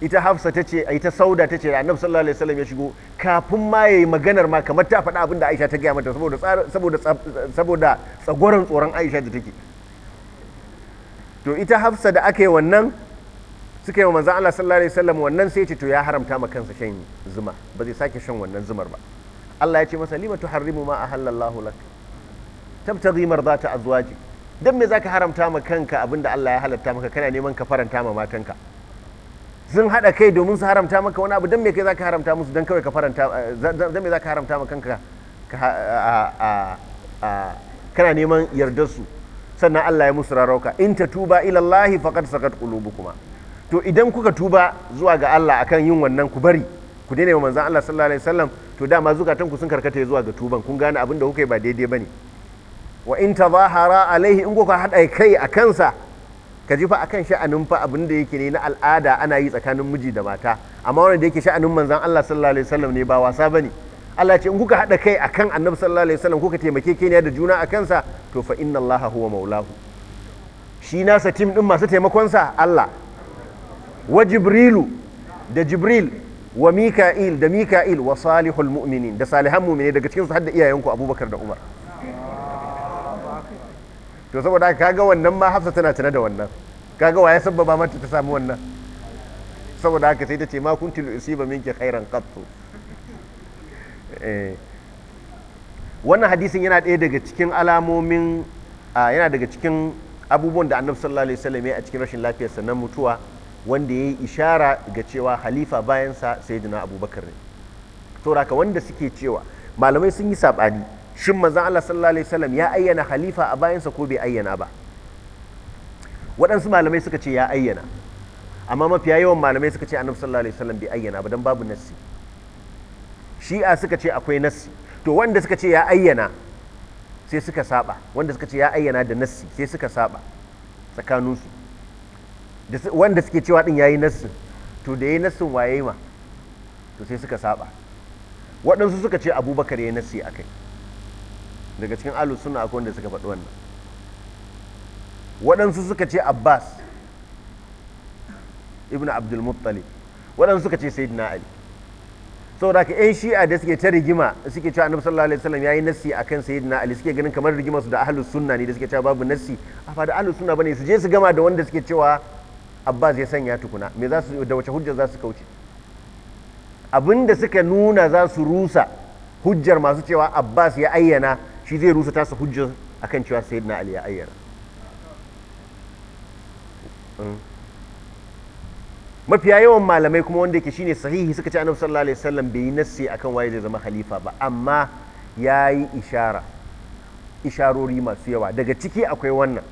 ita hafsa ta ce ita sauda ta ce da annabi sallallahu alaihi wasallam ya shigo kafin ma ya yi maganar ma kamar ta faɗa abin da aisha ta gaya mata saboda saboda saboda tsagoran tsoron aisha da take to ita hafsa da aka yi wannan suka yi wa manzan Allah sallallahu alaihi wasallam wannan sai ce to ya haramta ma kansa shan zuma ba zai sake shan wannan zumar ba Allah ya ce masa lima tuharrimu ma ahallallahu lak tabtaghi mardata azwajik dan me zaka haramta ma kanka abinda Allah ya halatta maka kana neman ka faranta ma matanka sun hada kai domin su haramta maka wani abu dan me kai ka haramta musu don kawai ka faranta eh, don me ka haramta ma kanka kana neman yardar su sannan Allah ya musu rarauka in ta tuba ila Allah faqad sakat qulubukuma to idan kuka tuba zuwa ga Allah akan yin wannan ku bari ku daina manzon Allah sallallahu alaihi wasallam to dama zukatan ku sun karkata zuwa ga tuban kun gane abin da kuka yi ba daidai bane wa in tazahara alaihi in kuka haɗa kai a kansa ka jifa akan sha'anin fa abin yake ne na al'ada ana yi tsakanin miji da mata amma wannan da yake sha'anin manzon Allah sallallahu alaihi wasallam ne ba wasa bane Allah ce in kuka haɗa kai akan Annabi sallallahu alaihi wasallam kuka taimake keniya da juna a kansa to fa inna Allah huwa maulahu shi nasa tim din masu taimakon sa Allah wa Jibrilu da Jibril wa Mika'il da Mika'il wa salihul mu'minin da salihan mu'mini daga cikin su hadda iyayenku Abubakar da Umar to saboda kaga wannan ma hafsa tana tana da wannan kaga waye sabbaba mata ta samu wannan saboda haka sai ta ce ma kunti usiba minki khairan qattu eh. wannan hadisin yana ɗaya daga cikin alamomin yana daga cikin abubuwan da annabi sallallahu alaihi wasallam ya a cikin rashin lafiyarsa na mutuwa wanda ya yi ishara ga cewa halifa bayansa sayyidina abubakar ne saboda haka wanda suke cewa malamai sun yi saɓani shin manzan Allah sallallahu alaihi wasallam ya ayyana khalifa a bayansa ko bai ayyana ba waɗansu malamai suka ce ya ayyana amma mafiya yawan malamai suka ce annabi sallallahu alaihi wasallam bai ayyana ba dan babu nassi shi'a suka ce akwai nassi to wanda suka ce ya ayyana sai suka saba wanda suka ce ya ayyana da nassi sai suka saba tsakaninsu wanda suke cewa din yayi nassin to da yayi nassin waye ma to sai suka saba waɗansu suka ce abubakar ya nassi akai daga cikin ahlus suna akwai wanda suka faɗi wannan waɗansu suka ce abbas ibn abdul muttalib waɗansu suka ce sayyidina ali saboda ka yan shi'a da suke ta rigima suke cewa annabi sallallahu alaihi wasallam yayi nassi akan sayyidina ali suke ganin kamar rigima su da ahlus sunna ne da suke cewa babu nassi a fa da ahlus sunna bane su je su gama da wanda suke cewa abbas ya sanya tukuna me za su da wace hujja za su kauce abinda suka nuna za su rusa hujjar masu cewa abbas ya ayyana shi zai rusa tasa hujja akan cewa sayyidina ali ya ayyana hmm. mafiya yawan malamai kuma wanda yake shine sahihi suka ce annabi sallallahu alaihi wasallam bai yi nassi akan waye zai zama halifa ba amma ya yi ishara isharori masu yawa daga ciki akwai wannan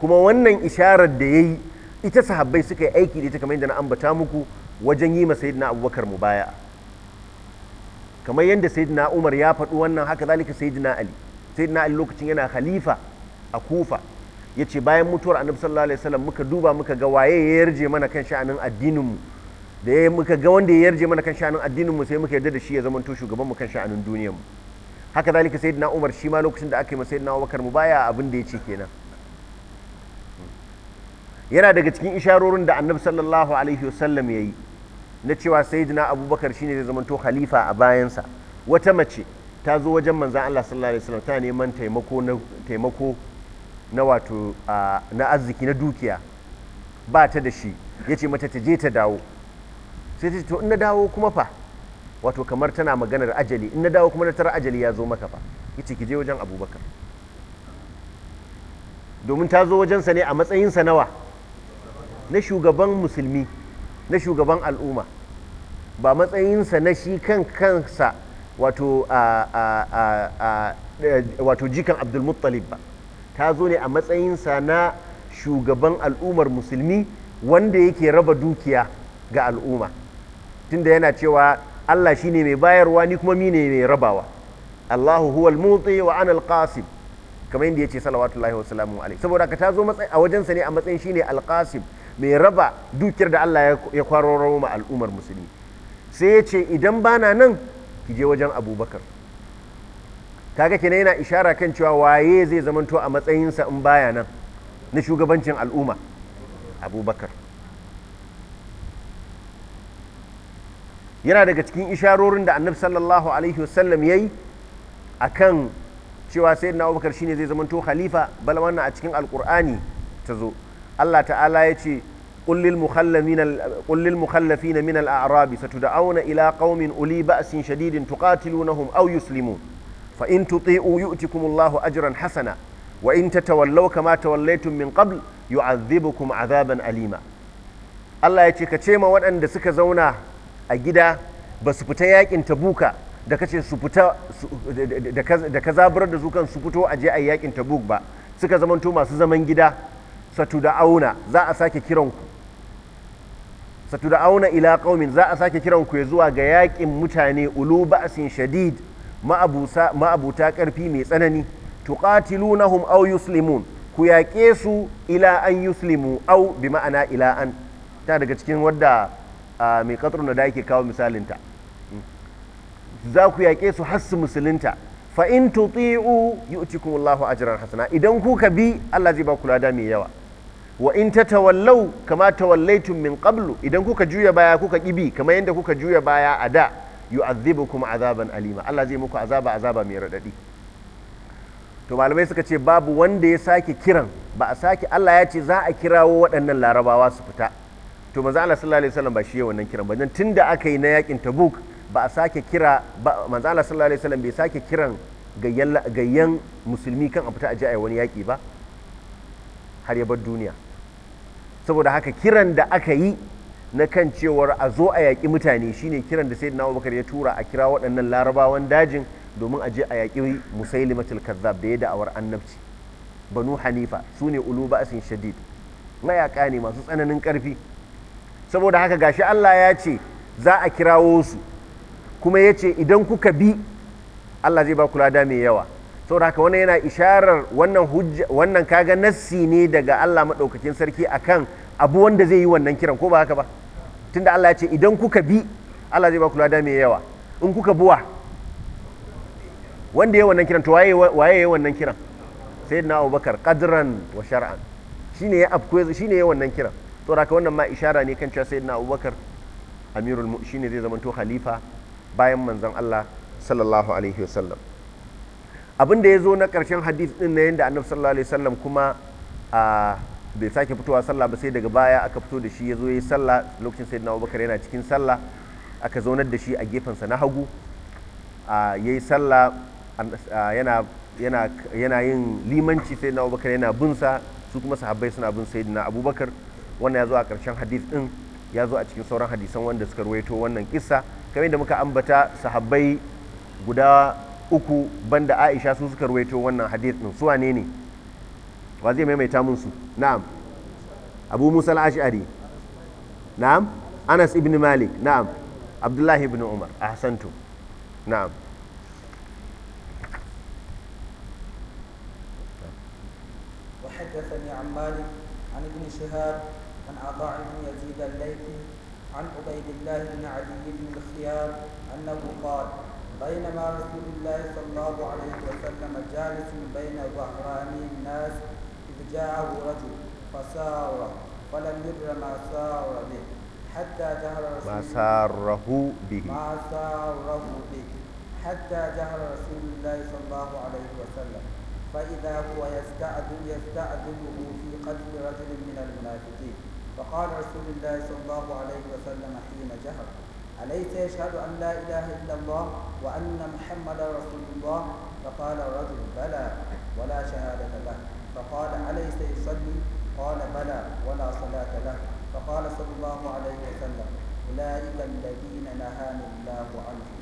kuma wannan isharar da ya yi ita sahabbai suka yi aiki da ita kamar yadda na ambata muku wajen yi ma sayyidina abubakar mubaya'a kamar yadda sayyidina umar ya faɗi wannan haka zalika sayyidina ali sayyidina ali lokacin yana khalifa a kufa ya ce bayan mutuwar annabi sallallahu alaihi wasallam muka duba muka ga waye ya yarje mana kan sha'anin addininmu da ya muka ga wanda ya yarje mana kan sha'anin addininmu sai muka yarda da shi ya zama to mu kan sha'anin duniyarmu haka zalika sayyidina umar shi ma lokacin da aka yi masa sayyidina abubakar mu baya abin da ya ce kenan yana daga cikin isharorin da annabi sallallahu alaihi wasallam ya yi na cewa sayyidina abubakar shine zai zamanto khalifa a bayansa wata mace ta zo wajen manzan Allah sallallahu alaihi wasallam ta neman taimako na taimako na wato na arziki na dukiya ba ta da shi yace mata ta je ta dawo sai ta ce to in na dawo kuma fa wato kamar tana maganar ajali in na dawo kuma na tara ajali ya zo maka fa yace ki je wajen Abubakar domin ta zo wajensa ne a matsayinsa nawa na shugaban musulmi na shugaban al'umma ba matsayinsa na shi kan kansa wato wato jikan abdulmuttalib ba ta zo ne a matsayinsa na shugaban al'ummar musulmi wanda yake raba dukiya ga al'umma tunda yana cewa allah shi ne mai bayarwa ni kuma mine mai rabawa allahu huwal mutsi wa ana alqasim kamar yadda ya ce salawatullahi wa saboda ka ta zo a wajensa ne a matsayin shine alqasim mai raba dukiyar da Allah ya kwararo ma al'ummar musulmi sai ya ce idan bana nan ki je wajen abubakar kaga kenan yana ishara kan cewa waye zai zamanto a matsayinsa in baya nan na shugabancin al'umma abubakar yana daga cikin isharorin da annabi sallallahu alaihi wasallam ya yi a kan cewa sayyidina abubakar shine zai zamanto khalifa bala wannan a cikin alkur'ani ta zo Allah ta'ala ya ce ƙullil mukhallafi na minal arabi satu da auna ila ƙaumin uli ba'asin shadidin tuqatilunahum au yuslimu fa in tuti'u yu'tikum Allahu ajran hasana wa in tatawallaw kama tawallaytum min qabl yu'adhibukum azaban alima Allah ya ce ka ce ma waɗanda suka zauna a gida ba su fita yakin tabuka da kace su fita da ka zabar da su kan su fito a je a yakin tabuk ba suka zamanto masu zaman gida satuda'auna za a sake kiranku satuda'auna ila qaumin za a sake kiranku ya zuwa ga yakin mutane ulu ba'sin shadid ma'abuta karfi mai tsanani tuqatilunahum aw yuslimun ku yaƙe su ila an yuslimu au bi ma'ana ila an ta daga cikin wadda mai katsar da yake kawo misalinta za ku yaƙe su har su musulunta fa in tuti'u yu'tikum Allahu ajran hasana idan kuka bi Allah zai ba ku lada mai yawa wa in tawallau kama tun min qablu idan kuka juya baya kuka kibi kama yadda kuka juya baya a da kuma azaban alima Allah zai muku azaba azaba mai radadi to malamai suka ce babu wanda ya sake kiran ba a sake Allah ya ce za a kirawo waɗannan larabawa su fita to manzo Allah sallallahu alaihi wasallam ba shi ya wannan kiran ba dan tunda aka yi na yakin Tabuk ba a sake kira manzo Allah sallallahu alaihi wasallam bai sake kiran gayyan musulmi kan a fita a ji a yi wani yaki ba har ya bar duniya saboda haka kiran da aka yi na kan cewar a zo a yaƙi mutane shine kiran da sai Abubakar ya tura a kira waɗannan larabawan dajin domin a je a yaƙi musailimatul kazzab da ya da'awar annabci banu hanifa su ne ulu ba'asin shadid mayaƙa ne masu tsananin ƙarfi saboda haka gashi Allah ya ce za a kirawo su kuma ya ce idan kuka bi Allah zai ba ku lada mai yawa saboda haka wannan yana isharar wannan hujja wannan kaga nassi ne daga Allah madaukakin sarki akan abu wanda zai yi wannan kiran ko ba haka ba tunda Allah ya ce idan kuka bi Allah zai ba ku lada mai yawa in kuka buwa wanda ya wannan kiran to waye waye ya wannan kiran sayyidina Abubakar qadran wa shar'an shine ya afko shine ya wannan kiran saboda haka wannan ma ishara ne kan cewa sayyidina Abubakar amirul mu'minin zai zamanto khalifa bayan manzon Allah sallallahu alaihi wasallam abin da ya zo na karshen hadith ɗin na yadda annabi sallallahu alaihi wasallam kuma bai sake fitowa sallah ba sai daga baya aka fito da shi ya zo ya yi sallah lokacin sai na abubakar yana cikin sallah aka zaunar da shi a gefensa na hagu ya yi sallah yana yin limanci sai na abubakar yana binsa su kuma sahabbai suna bin sai na abubakar wannan ya zo a ƙarshen hadith ɗin ya zo a cikin sauran hadisan wanda suka ruwaito wannan kissa kamar da muka ambata sahabbai guda uku banda aisha su suka ruwaito wannan hadith din su wane ne wa zai maimaita mun su na'am abu musa al-ash'ari na'am anas ibn malik na'am abdullahi ibn umar ahsantu na'am وحدثني عن مالك عن ابن شهاب عن عطاء بن يزيد الليثي عن عبيد الله بن عدي بن الخيار انه قال بينما رسول الله صلى الله عليه وسلم جالس بين ظهراني الناس إذ جاءه رجل فسار فلم يدر ما سار به حتى جهر رسول ما ساره به ما ساره به حتى جهر رسول الله صلى الله عليه وسلم فإذا هو يستأذن يستأذنه في قتل رجل من المنافقين فقال رسول الله صلى الله عليه وسلم حين جهر أليس يشهد أن لا إله إلا الله وأن محمدا رسول الله فقال الرجل بلى ولا شهادة له فقال أليس يصلي قال بلى ولا صلاة له فقال صلى الله عليه وسلم أولئك الذين نهاني الله عنهم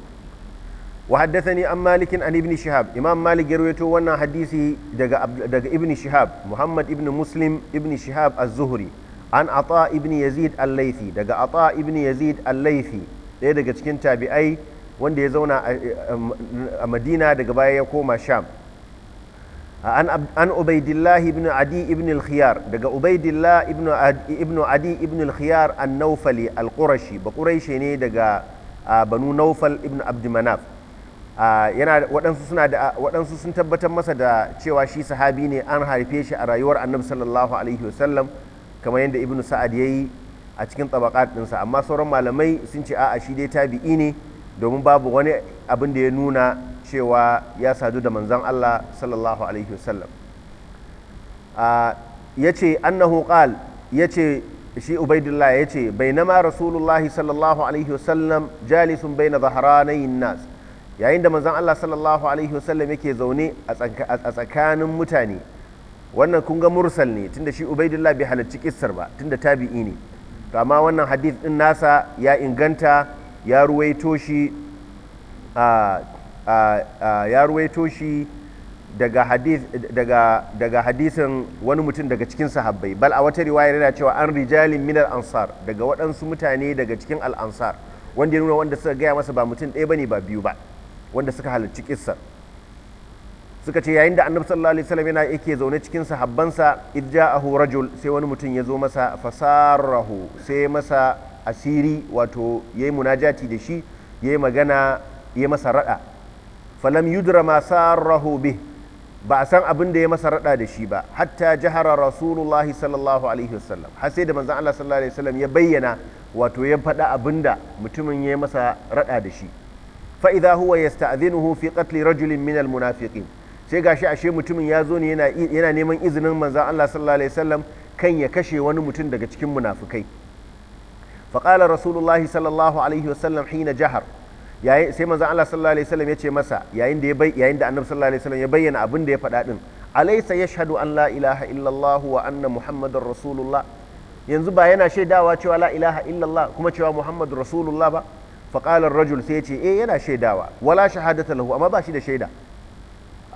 وحدثني عن مالك عن ابن شهاب امام مالك يرويته وانا حديثي دغ دغ ابن شهاب محمد ابن مسلم ابن شهاب الزهري عن عطاء ابن يزيد الليثي دغ عطاء ابن يزيد الليثي ɗaya daga cikin tabi'ai wanda ya zauna a madina daga baya ya koma sham an ubaidillah ibn adi ibn al-khiyar daga ubaidillah ibn adi ibn al-khiyar an naufali al-qurashi ba quraishi ne daga banu naufal ibn abdumanaf waɗansu sun tabbatar masa da cewa shi sahabi ne an haife shi a rayuwar annabi sallallahu alaihi wasallam kamar yadda ibn sa'ad ya yi. a cikin tabaqat ɗinsa amma sauran malamai sun ce a'a shi dai tabi'i ne domin babu wani abin da ya nuna cewa ya sadu da manzan Allah sallallahu alaihi wasallam ya ce annahu qal ya ce shi ubaidullah ya ce bainama rasulullahi sallallahu alaihi wasallam jalisun baina zaharanayin nas yayin da manzan Allah sallallahu alaihi wasallam yake zaune a tsakanin mutane wannan kun ga mursal ne tunda shi ubaidullah bai halarci kissar ba tunda tabi'i ne to amma wannan hadith din nasa ya inganta ya ruwaito shi ya ruwaito shi daga hadith daga daga hadisin wani mutum daga cikin sahabbai bal a wata riwaya yana cewa an rijalin min al ansar daga waɗansu mutane daga cikin al ansar wanda ya nuna wanda suka gaya masa ba mutum ɗaya bane ba biyu ba wanda suka halarci kissar suka ce yayin da annabi sallallahu alaihi wasallam yana yake zaune cikin sahabbansa idja'ahu rajul sai wani mutum ya zo masa fasarahu sai masa asiri wato yayi munajati da shi yayi magana yayi masa rada falam yudra ma sarahu bi ba a san abin da ya masa rada da shi ba hatta jahara rasulullahi sallallahu alaihi wasallam har sai da manzon Allah sallallahu alaihi wasallam ya bayyana wato ya faɗa abin da mutumin ya masa rada da shi fa idza huwa yasta'dhinuhu fi qatli rajulin min al munafiqin sai gashi ashe mutumin ya zo ne yana neman izinin manzan Allah sallallahu alaihi wasallam kan ya kashe wani mutum daga cikin munafukai faƙala rasulullahi sallallahu alaihi wasallam hina jahar sai manzan Allah sallallahu alaihi wasallam ya ce masa yayin da yayin da annabi ya bayyana abin da ya faɗa din alaysa yashhadu an la illallah wa anna muhammadar rasulullah yanzu ba yana shaidawa cewa la ilaha illallah kuma cewa muhammad rasulullah ba faƙalar rajul sai ya ce eh yana shaidawa wala shahadata lahu amma ba shi da shaida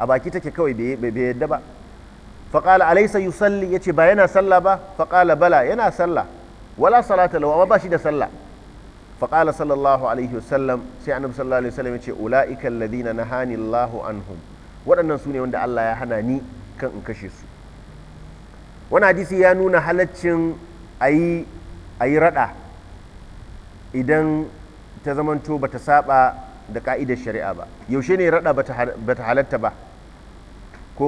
a baki take kawai bai yadda ba faƙala alaisa yusalli ya ce ba yana sallah ba faƙala bala yana sallah wala salata lawa ba shi da sallah faƙala sallallahu alaihi wasallam sai annabi sallallahu alaihi wasallam ya ce ula'ika alladhina nahani Allahu anhum waɗannan su ne wanda Allah ya hana ni kan in kashe su wani hadisi ya nuna halaccin ayi ayi rada idan ta zamanto bata saba da ka'idar shari'a ba yaushe ne rada bata halatta ba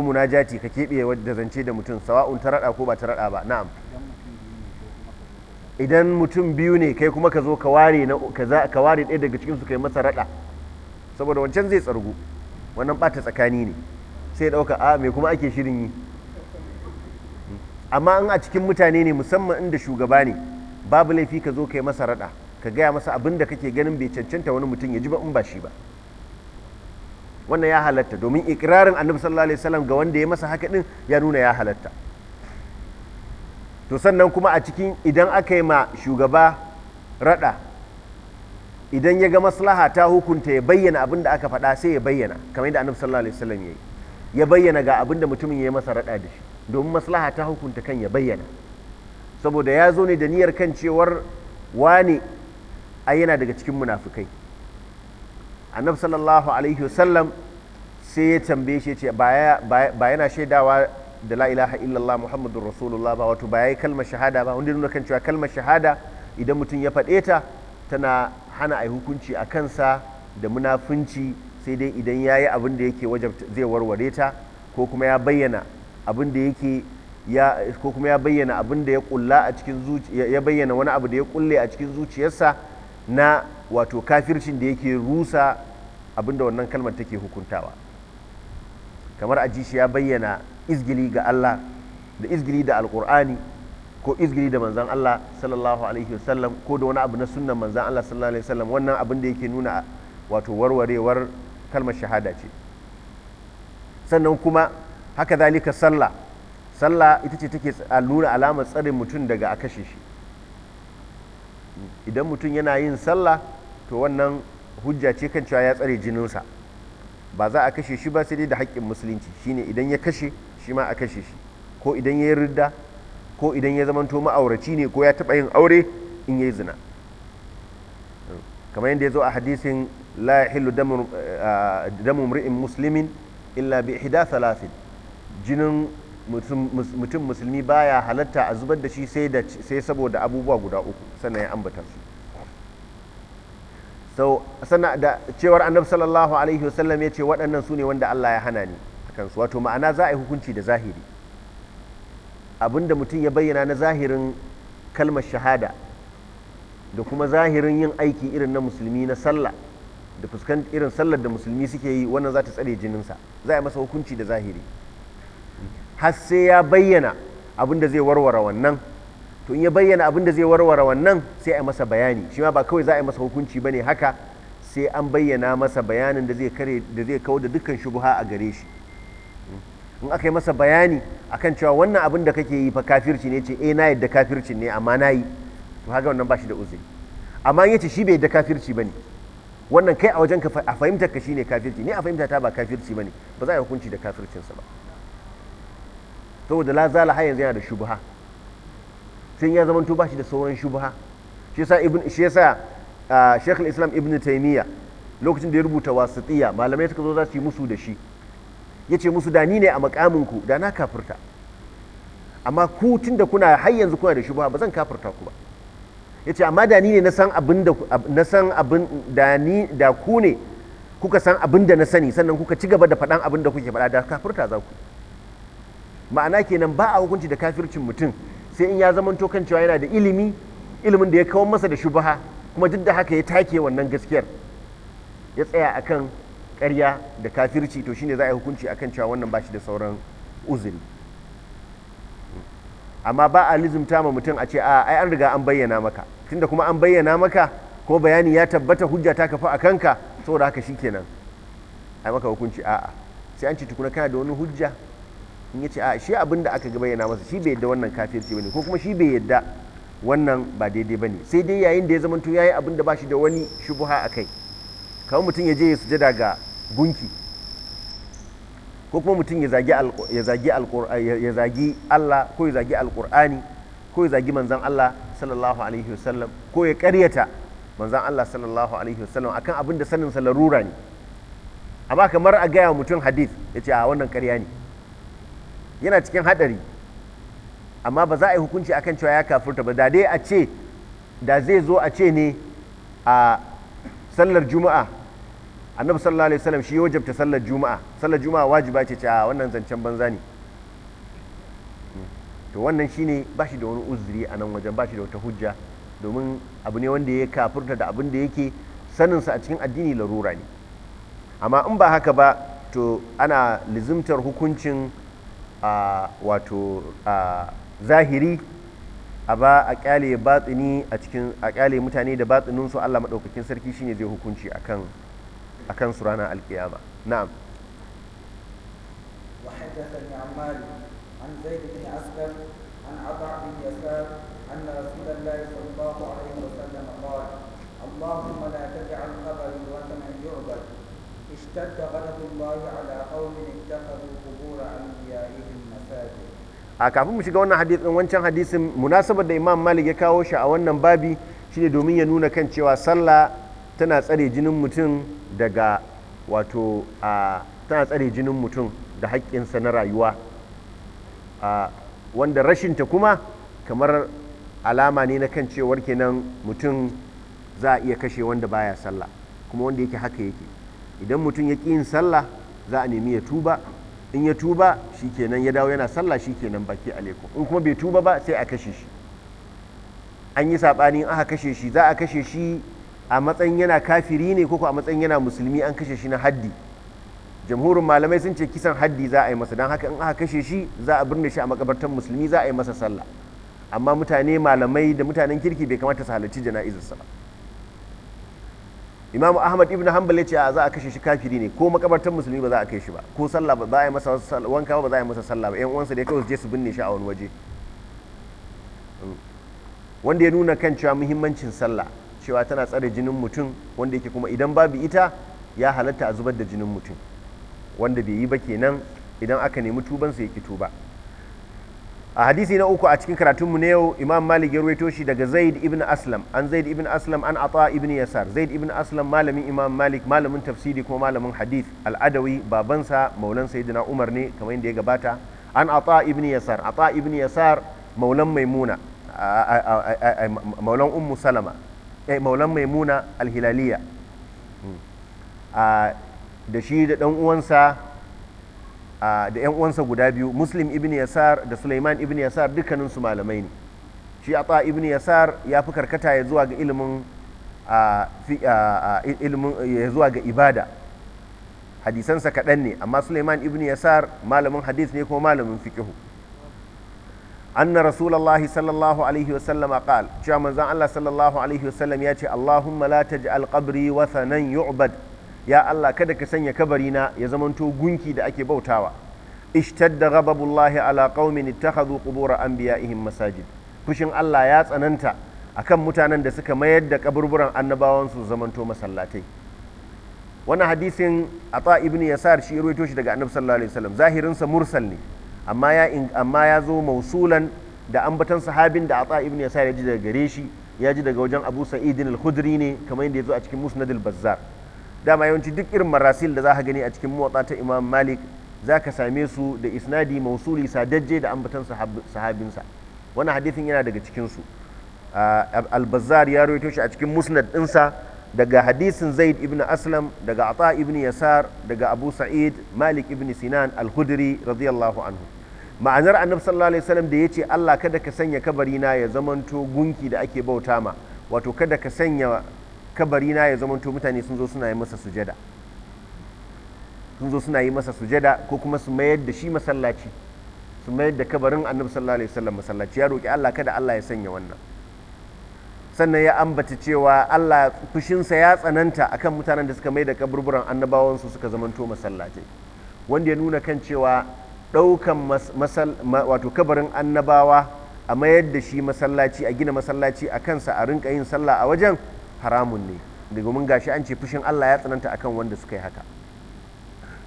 ko jati ka keɓe wadda zance da mutum sawa'un ta raɗa ko ba ta raɗa ba na'am idan mutum biyu ne kai kuma ka zo ka ware ɗaya daga cikinsu kai masa raɗa saboda wancan zai tsargu wannan ɓata tsakani ne sai ɗauka a ah, mai kuma ake shirin yi amma in a cikin mutane ne musamman inda shugaba ne babu laifi ka zo kai masa raɗa ka gaya masa abin da kake ganin bai cancanta wani mutum ya ji ba in ba shi ba wannan ya halatta domin ikirarin annabi sallallahu alaihi wasallam ga wanda ya masa haka din ya nuna ya halatta to sannan kuma a cikin idan aka yi ma shugaba rada idan ya ga maslaha ta hukunta ya bayyana abin da aka faɗa sai ya bayyana kamar yadda annabi sallallahu alaihi wasallam yayi ya bayyana ga abin da mutumin ya yi masa rada da shi domin maslaha ta hukunta kan ya bayyana saboda ya zo ne da niyyar kan cewar wane a yana daga cikin munafukai annabi sallallahu alaihi wasallam sai ya tambaye shi ce ba yana shaidawa da la ilaha illallah muhammadun rasulullah ba wato ba ya yi kalmar shahada ba wanda nuna kan cewa kalmar shahada idan mutum ya faɗe ta tana hana a yi hukunci a kansa da munafunci sai dai idan ya yi abin da yake zai warware ta ko kuma ya bayyana abin da ya ko kulla bayyana wani abu da ya kulle a cikin zuciyarsa na wato kafircin da yake rusa abinda wannan kalmar take hukuntawa kamar a shi ya bayyana izgili ga Allah da izgili da alkur'ani ko izgili da manzan Allah sallallahu alaihi wasallam ko da wani abu na sunnan manzan Allah sallallahu alaihi wasallam wannan abin da yake nuna wato warwarewar kalmar shahada ce sannan kuma haka zalika sallah sallah ita ce take nuna alamar tsarin mutum daga a kashe shi idan mutum yana yin sallah to wannan hujja ce kan cewa ya tsare jininsa ba za a kashe shi ba sai dai da haƙƙin musulunci shine idan ya kashe shi ma a kashe shi ko idan ya ridda ko idan ya zamanto ma'auraci ne ko ya taɓa yin aure in ya yi zina kamar yadda ya zo a hadisin la hillu eh, ah, damu mri'in illa bi hida salasin jinin mutum musulmi baya halatta a zubar da shi sai saboda abubuwa guda uku sannan ya ambata su so sana da cewar annabi sallallahu alaihi wasallam ya ce waɗannan su ne wanda Allah ya hana ni su wato ma'ana za a yi hukunci da zahiri abinda mutum ya bayyana na zahirin kalmar shahada da kuma zahirin yin aiki irin na musulmi na sallah da fuskan irin sallar da musulmi suke yi wannan za ta tsare jininsa za a yi masa hukunci da zahiri har sai ya bayyana abin da zai warware wannan to in ya bayyana abin da zai warware wannan sai a yi masa bayani shi ma ba kawai za a yi masa hukunci ba ne haka sai an bayyana masa bayanin da zai kare da zai kawo da dukkan shubuha a gare shi in aka yi masa bayani akan cewa wannan abin da kake yi fa kafirci ne ce eh na yadda kafircin ne amma na yi to haka wannan ba shi da uzuri amma yace shi bai yadda kafirci ba ne wannan kai a wajen ka a fahimtar ka shine kafirci ne a fahimta ta ba kafirci ba ne ba za a yi hukunci da kafircinsa ba saboda la zala har yanzu yana da shubuha sai ya zama ba shi da sauran shubha shi yasa ibn shi yasa Sheikh islam Ibn Taymiyyah lokacin da ya rubuta wasitiya malamai suka zo za su yi musu da shi yace musu da ni ne a makamin ku da na kafirta amma ku tunda kuna har yanzu kuna da shubha ba zan kafirta ku ba yace amma da ni ne na san abin da na san abin da ni da ku ne kuka san abin da na sani sannan kuka ci gaba da faɗan abin da kuke faɗa da kafirta za ku ma'ana kenan ba a hukunci da kafircin mutum sai in ya zamanto kan cewa yana da ilimi ilimin da ya kawo masa da shubaha kuma duk da haka ya take wannan gaskiyar ya tsaya akan karya da kafirci to shine za a yi hukunci akan cewa wannan ba da sauran uzuri amma ba a lizumta ma mutum a ce a ai an riga an bayyana maka tunda kuma an bayyana maka ko bayani ya tabbata hujja ta kafa a kanka saboda haka shikenan ai maka hukunci a'a sai an ce tukuna kana da wani hujja in yace a shi abin da aka yana masa shi bai yadda wannan kafirci bane ko kuma shi bai yadda wannan ba daidai bane sai dai yayin da ya zamanto yayi abin da bashi da wani shubuha akai kamar mutum ya je ya sujada ga gunki ko kuma mutum ya zagi ya zagi ya zagi Allah ko ya zagi alqur'ani ko ya zagi manzon Allah sallallahu alaihi wasallam ko ya ƙaryata manzon Allah sallallahu alaihi wasallam akan abin da sanin sa larura ne amma kamar a gaya mutum hadith ya ce a wannan ƙarya ne yana cikin haɗari amma ba za a yi hukunci akan cewa ya kafurta ba da dai a ce da zai zo a ce ne a sallar juma'a annabi sallallahu alaihi wasallam shi wajabta sallar juma'a sallar juma'a wajiba ce ce a wannan zancen banza ne hmm. to wannan shine ba shi da wani uzuri a nan wajen ba shi da wata hujja domin abu ne wanda ya kafurta da abin da yake saninsa a cikin addini larura ne amma in ba haka ba to ana lizimtar hukuncin a wato a zahiri a ba a kyale batsini a cikin a kyale mutane da batsinin su Allah madaukakin sarki shine zai hukunci akan akan su ranar alkiyama na'am اللهم لا تجعل قبري a kafin mu shiga wannan hadisin wancan hadisin munasabar da imam malik ya kawo shi a wannan babi shine domin ya nuna kan cewa sallah tana tsare jinin mutum daga wato a tana tsare jinin mutum da haƙƙinsa na rayuwa a wanda rashinta kuma kamar alama ne na kan cewar kenan mutum za a iya kashe wanda baya sallah kuma wanda yake haka yake idan mutum ya ƙi yin sallah za a nemi ya tuba in ya tuba shikenan ya dawo yana sallah shikenan baki alaikum in kuma bai tuba ba sai a kashe shi an yi saɓani aka kashe shi za a kashe shi a matsayin yana kafiri ne ko a matsayin yana musulmi an kashe shi na haddi jamhurin malamai sun ce kisan haddi za a yi masa don haka in aka kashe shi za a birne shi a makabartar musulmi za a yi masa sallah amma mutane malamai da mutanen kirki bai kamata su halarci jana'izarsa ba imamu ahmad ibn hanbal ya ce a za a kashe shi kafiri ne ko makabartar musulmi ba za a kai shi ba ko sallah ba za a yi masa wanka ba za a yi masa sallah ba yan uwansa da kawai su je su binne shi a wani waje wanda ya nuna kan cewa muhimmancin sallah cewa tana tsare jinin mutum wanda yake kuma idan babu ita ya halatta a zubar da jinin mutum wanda bai yi ba kenan idan aka nemi tubansa ya ki tuba a hadisi na uku a cikin karatun mu na yau imam malik ya ruwaito shi daga zaid ibn aslam an zaid ibn aslam an ata ibn yasar zaid ibn aslam malamin imam malik malamin tafsiri kuma malamin hadith al'adawi babansa maulan sayyidina umar ne kamar yadda ya gabata an ata ibn yasar ata ibn yasar maulan maimuna maulan ummu salama eh, maulan maimuna alhilaliya hmm. da shi da dan uwansa da yan uwansa guda biyu muslim ibn yasar da sulaiman ibn yasar dukkanin su malamai ne shi ata ibn yasar ya fi karkata ya zuwa ga ilimin ya zuwa ga ibada hadisansa kaɗan ne amma suleiman ibn yasar malamin hadis ne ko malamin fikihu anna rasulullahi sallallahu alaihi wasallam qal cewa manzon Allah sallallahu alaihi wasallam ya ce Allahumma la taj'al qabri wathanan yu'bad ya Allah kada ka sanya kabarina ya zamanto gunki da ake bautawa ishtadda ghadabullahi ala qaumin ittakhadhu qubur anbiya'ihim masajid fushin Allah ya tsananta akan mutanen da suka mayar da kaburburan annabawan su zamanto masallatai Wani hadisin ata ibnu yasar shi ruwaito shi daga annabi sallallahu alaihi wasallam zahirin sa mursal ne amma ya zo mausulan da ambatan sahabin da ata ibnu yasar ya ji daga gare shi ya ji daga wajen abu sa'idin al-khudri ne kamar yadda ya zo a cikin musnadil bazzar dama yawanci duk irin marasil da za ka gani a cikin motsa ta imam malik za ka same su da isnadi mausuli sadajje da ambatan sahabinsa wannan hadithin yana daga cikinsu ah, albazar ya rawaito shi a cikin musnad ɗinsa daga hadisin zaid ibn aslam daga ata ibn yasar daga abu sa'id malik ibn sinan al-hudri radiyallahu anhu ma'anar annabi sallallahu alaihi wasallam da yace Allah kada ka sanya kabarina ya zamanto gunki da ake bauta ma wato kada ka sanya kabarina ya zamanto mutane sun zo suna yi masa sujada sun zo suna yi masa sujada ko kuma su mayar da shi masallaci su mayar da kabarin annabi sallallahu alaihi wasallam masallaci ya roki Allah kada Allah ya sanya wannan sannan ya ambata cewa Allah fushinsa ya tsananta akan mutanen da suka mai da kaburburan annabawansu suka zamanto masallaci wanda ya nuna kan cewa ɗaukan wato kabarin annabawa a mayar da shi masallaci a gina masallaci a kansa a rinka yin sallah a wajen haramun ne domin gashi an ce fushin Allah ya tsananta akan wanda suka yi haka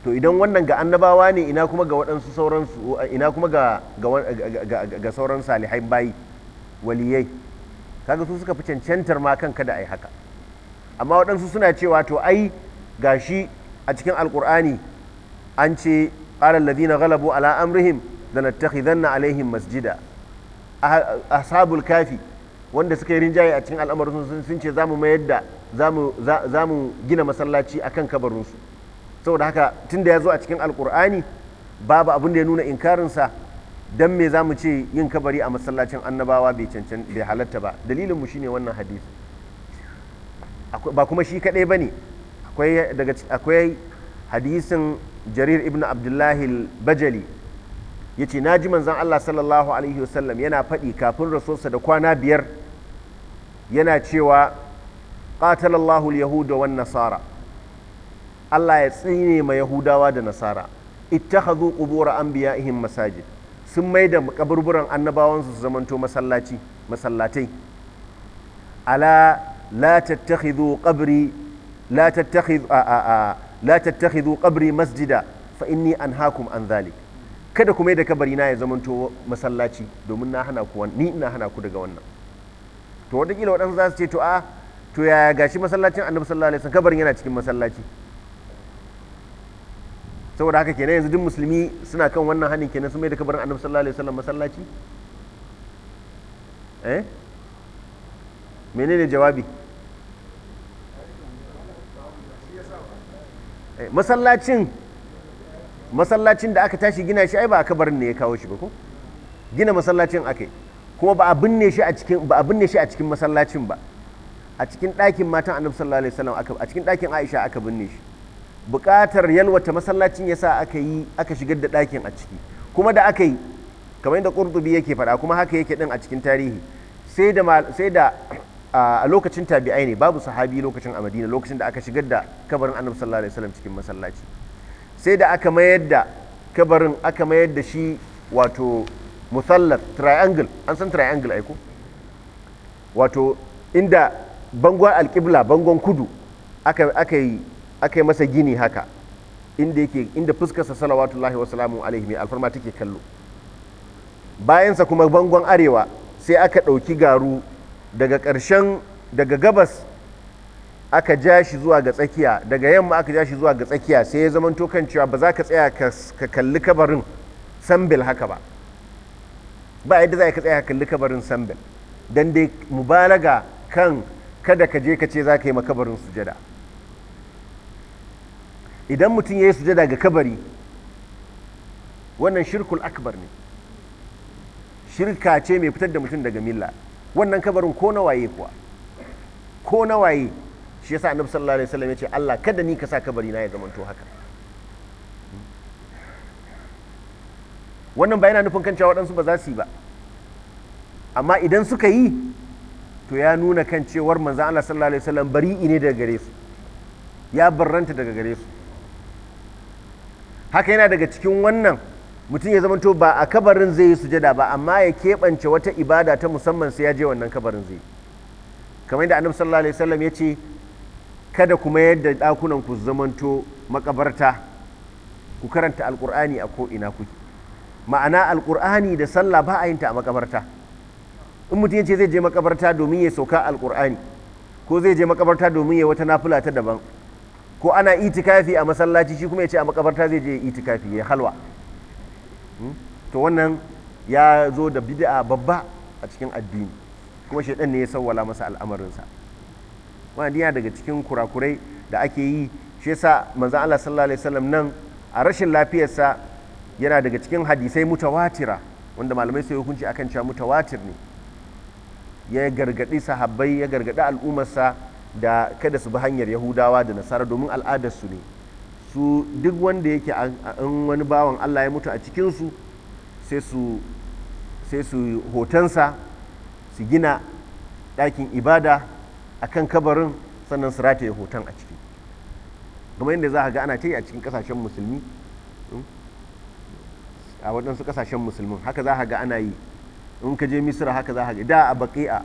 to idan wannan ga annabawa ne ina kuma ga waɗansu sauran ina kuma ga sauran salihai bayi waliyai kaga su suka fi cancantar ma kanka da ai haka amma waɗansu suna cewa to ai gashi a cikin alkur'ani an ce qala alladhina ghalabu ala amrihim lanattakhidanna alaihim masjida ashabul kafi wanda suka yi rinjaye a cikin al'amarin sun ce za mayar da zamu mu gina masallaci a kan kabarinsu saboda haka tun da ya zo a cikin alkur'ani babu abin da ya nuna inkarinsa don me za mu ce yin kabari a masallacin annabawa bai cancan bai halatta ba dalilin mu shine wannan hadisi ba kuma shi kaɗai ba ne akwai hadisin jarir ibn abdullahi bajali ya ce na ji manzan allah sallallahu alaihi wasallam yana faɗi kafin rasuwarsa da kwana biyar yana cewa ƙatalallahu al-yahuda wa nasara Allah ya tsine ma yahudawa da nasara an biya anbiya'ihim masajid sun mai da kaburburan annabawansu su zamanto masallaci masallatai ala la tattakhidhu qabri la tattakhidhu la qabri masjida fa inni anhaakum an dhalik kada kuma da kabari na ya zamanto masallaci domin na hana ku ni ina hana ku daga wannan to kila waɗansu za su ce to a ah, to yaya gashi masallacin annabi sallallahu alaihi wasallam kabarin yana cikin masallaci saboda haka kenan yanzu duk musulmi suna kan wannan hannun kenan sun mai da kabarin annabi sallallahu alaihi wasallam masallaci eh menene jawabi eh, masallacin masallacin da aka tashi gina shi ai ba a kabarin ne ya kawo shi ba ko gina masallacin aka yi kuma ba a binne shi a cikin ba a binne shi a cikin masallacin ba a cikin ɗakin matan annabi sallallahu alaihi wasallam aka a cikin ɗakin Aisha aka binne shi buƙatar yalwata masallacin yasa aka yi aka shigar da ɗakin a ciki kuma da aka yi kamar yadda Qurtubi yake faɗa kuma haka yake din a cikin tarihi sai da sai da a lokacin tabi'ai ne babu sahabi lokacin a Madina lokacin da aka shigar da kabarin annabi sallallahu alaihi wasallam cikin masallaci sai da aka mayar da kabarin aka mayar da shi wato musallat triangle an san triangle aiko wato inda bangon alƙibla bangon kudu aka yi aka yi masa gini haka inda yake inda fuskarsa salawatullahi wa salamu alaihi mai alfarma take kallo bayansa kuma bangon arewa sai aka ɗauki garu daga ƙarshen daga gabas aka ja shi zuwa ga tsakiya daga yamma aka ja shi zuwa ga tsakiya sai ya zamanto kan cewa ba za ka tsaya ka kalli kabarin sambil haka ba ba yadda za ka tsaya kalli kabarin sambel don dai mubalaga kan kada ka je ka ce za ka yi makabarin sujada idan mutum ya yi sujada ga kabari wannan shirkul akbar ne shirka ce mai fitar da mutum daga milla wannan kabarin ko na waye kuwa ko na waye shi ya sa annabi sallallahu alaihi wasallam ya ce Allah kada ni ka sa kabari na ya zamanto haka wannan ba yana nufin kan cewa waɗansu ba za su yi ba amma idan suka yi to ya nuna kan cewar manzo Allah sallallahu alaihi wasallam bari'i ne daga gare su ya barranta daga gare su haka yana daga cikin wannan mutum ya zama to ba a kabarin zai yi sujada ba amma ya keɓance wata ibada ta musamman sai ya je wannan kabarin zai kamar yadda annabi sallallahu alaihi wasallam ya ce kada kuma yadda ɗakunan ku zamanto makabarta ku karanta alkur'ani a ko ina kuke ma'ana alkur'ani da sallah ba a yin ta a makabarta in mutum yace zai je makabarta domin ya sauka alkur'ani ko zai je makabarta domin ya wata nafila ta daban ko ana itikafi a masallaci shi kuma ya ce a makabarta zai je itikafi ya halwa hmm? to wannan ya zo da bid'a babba a cikin addini kuma shaidan ne ya sawwala masa al'amarinsa wannan yana daga cikin kurakurai da ake yi shi yasa manzon Allah sallallahu alaihi wasallam nan a rashin lafiyarsa yana daga cikin hadisai mutawatira wanda malamai sai hukunci akan cewa mutawatir ne ya gargadi sahabbai ya gargadi al'ummarsa da kada su bi hanyar yahudawa da nasara domin al'adarsu ne su duk wanda yake an wani bawan allah ya mutu a cikinsu sai su hotonsa su gina ɗakin ibada a kan kabarin sannan su rataye hoton a ciki kuma yadda za a ga ana ta yi a cikin ƙasashen musulmi hmm? a waɗansu ƙasashen musulmin haka za a ga ana yi in ka je misira haka za a ga da a baƙi'a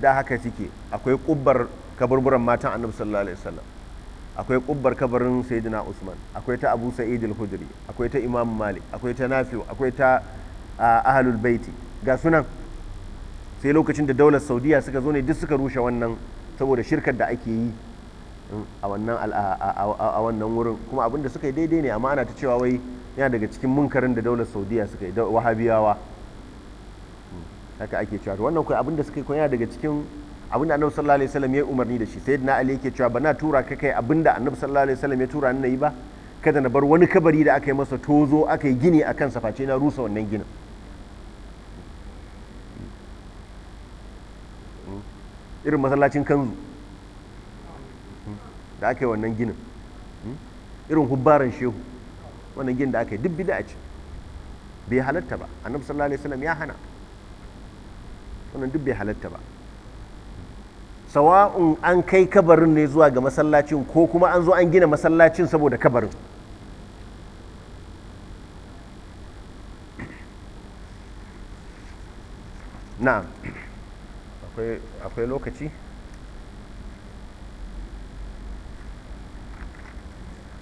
da haka suke akwai ƙubbar kaburburan matan annabi sallallahu alaihi wasallam akwai ƙubbar kabarin sayyidina usman akwai ta abu sa'id al-hudri akwai ta imam malik akwai ta nafi akwai ta ahlul baiti ga sunan sai lokacin da daular saudiya suka zo ne duk suka rushe wannan saboda shirkar da ake yi mm, a wannan wurin kuma abinda suka yi daidai ne amma ana ta cewa wai yana daga cikin munkarin da daular saudiya suka yi wahabiyawa haka ake cewa wannan kai abinda suka yi yana daga cikin abinda annabi sallallahu alaihi wasallam ya umarni da shi na ali yake cewa bana tura ka kai abinda annabi sallallahu alaihi wasallam ya tura ni nayi ba kada na bar wani kabari da aka yi masa tozo aka yi gini akan sa face na rusa wannan ginin irin masallacin kanzu da aka yi wannan ginin irin hubbaran shehu wannan gin da aka yi duk bid'a ce bai halatta ba annabi sallallahu alaihi wasallam ya hana wannan duk bai halatta ba sawa'un an kai kabarin ne zuwa ga masallacin ko kuma an zo an gina masallacin saboda kabarin na akwai lokaci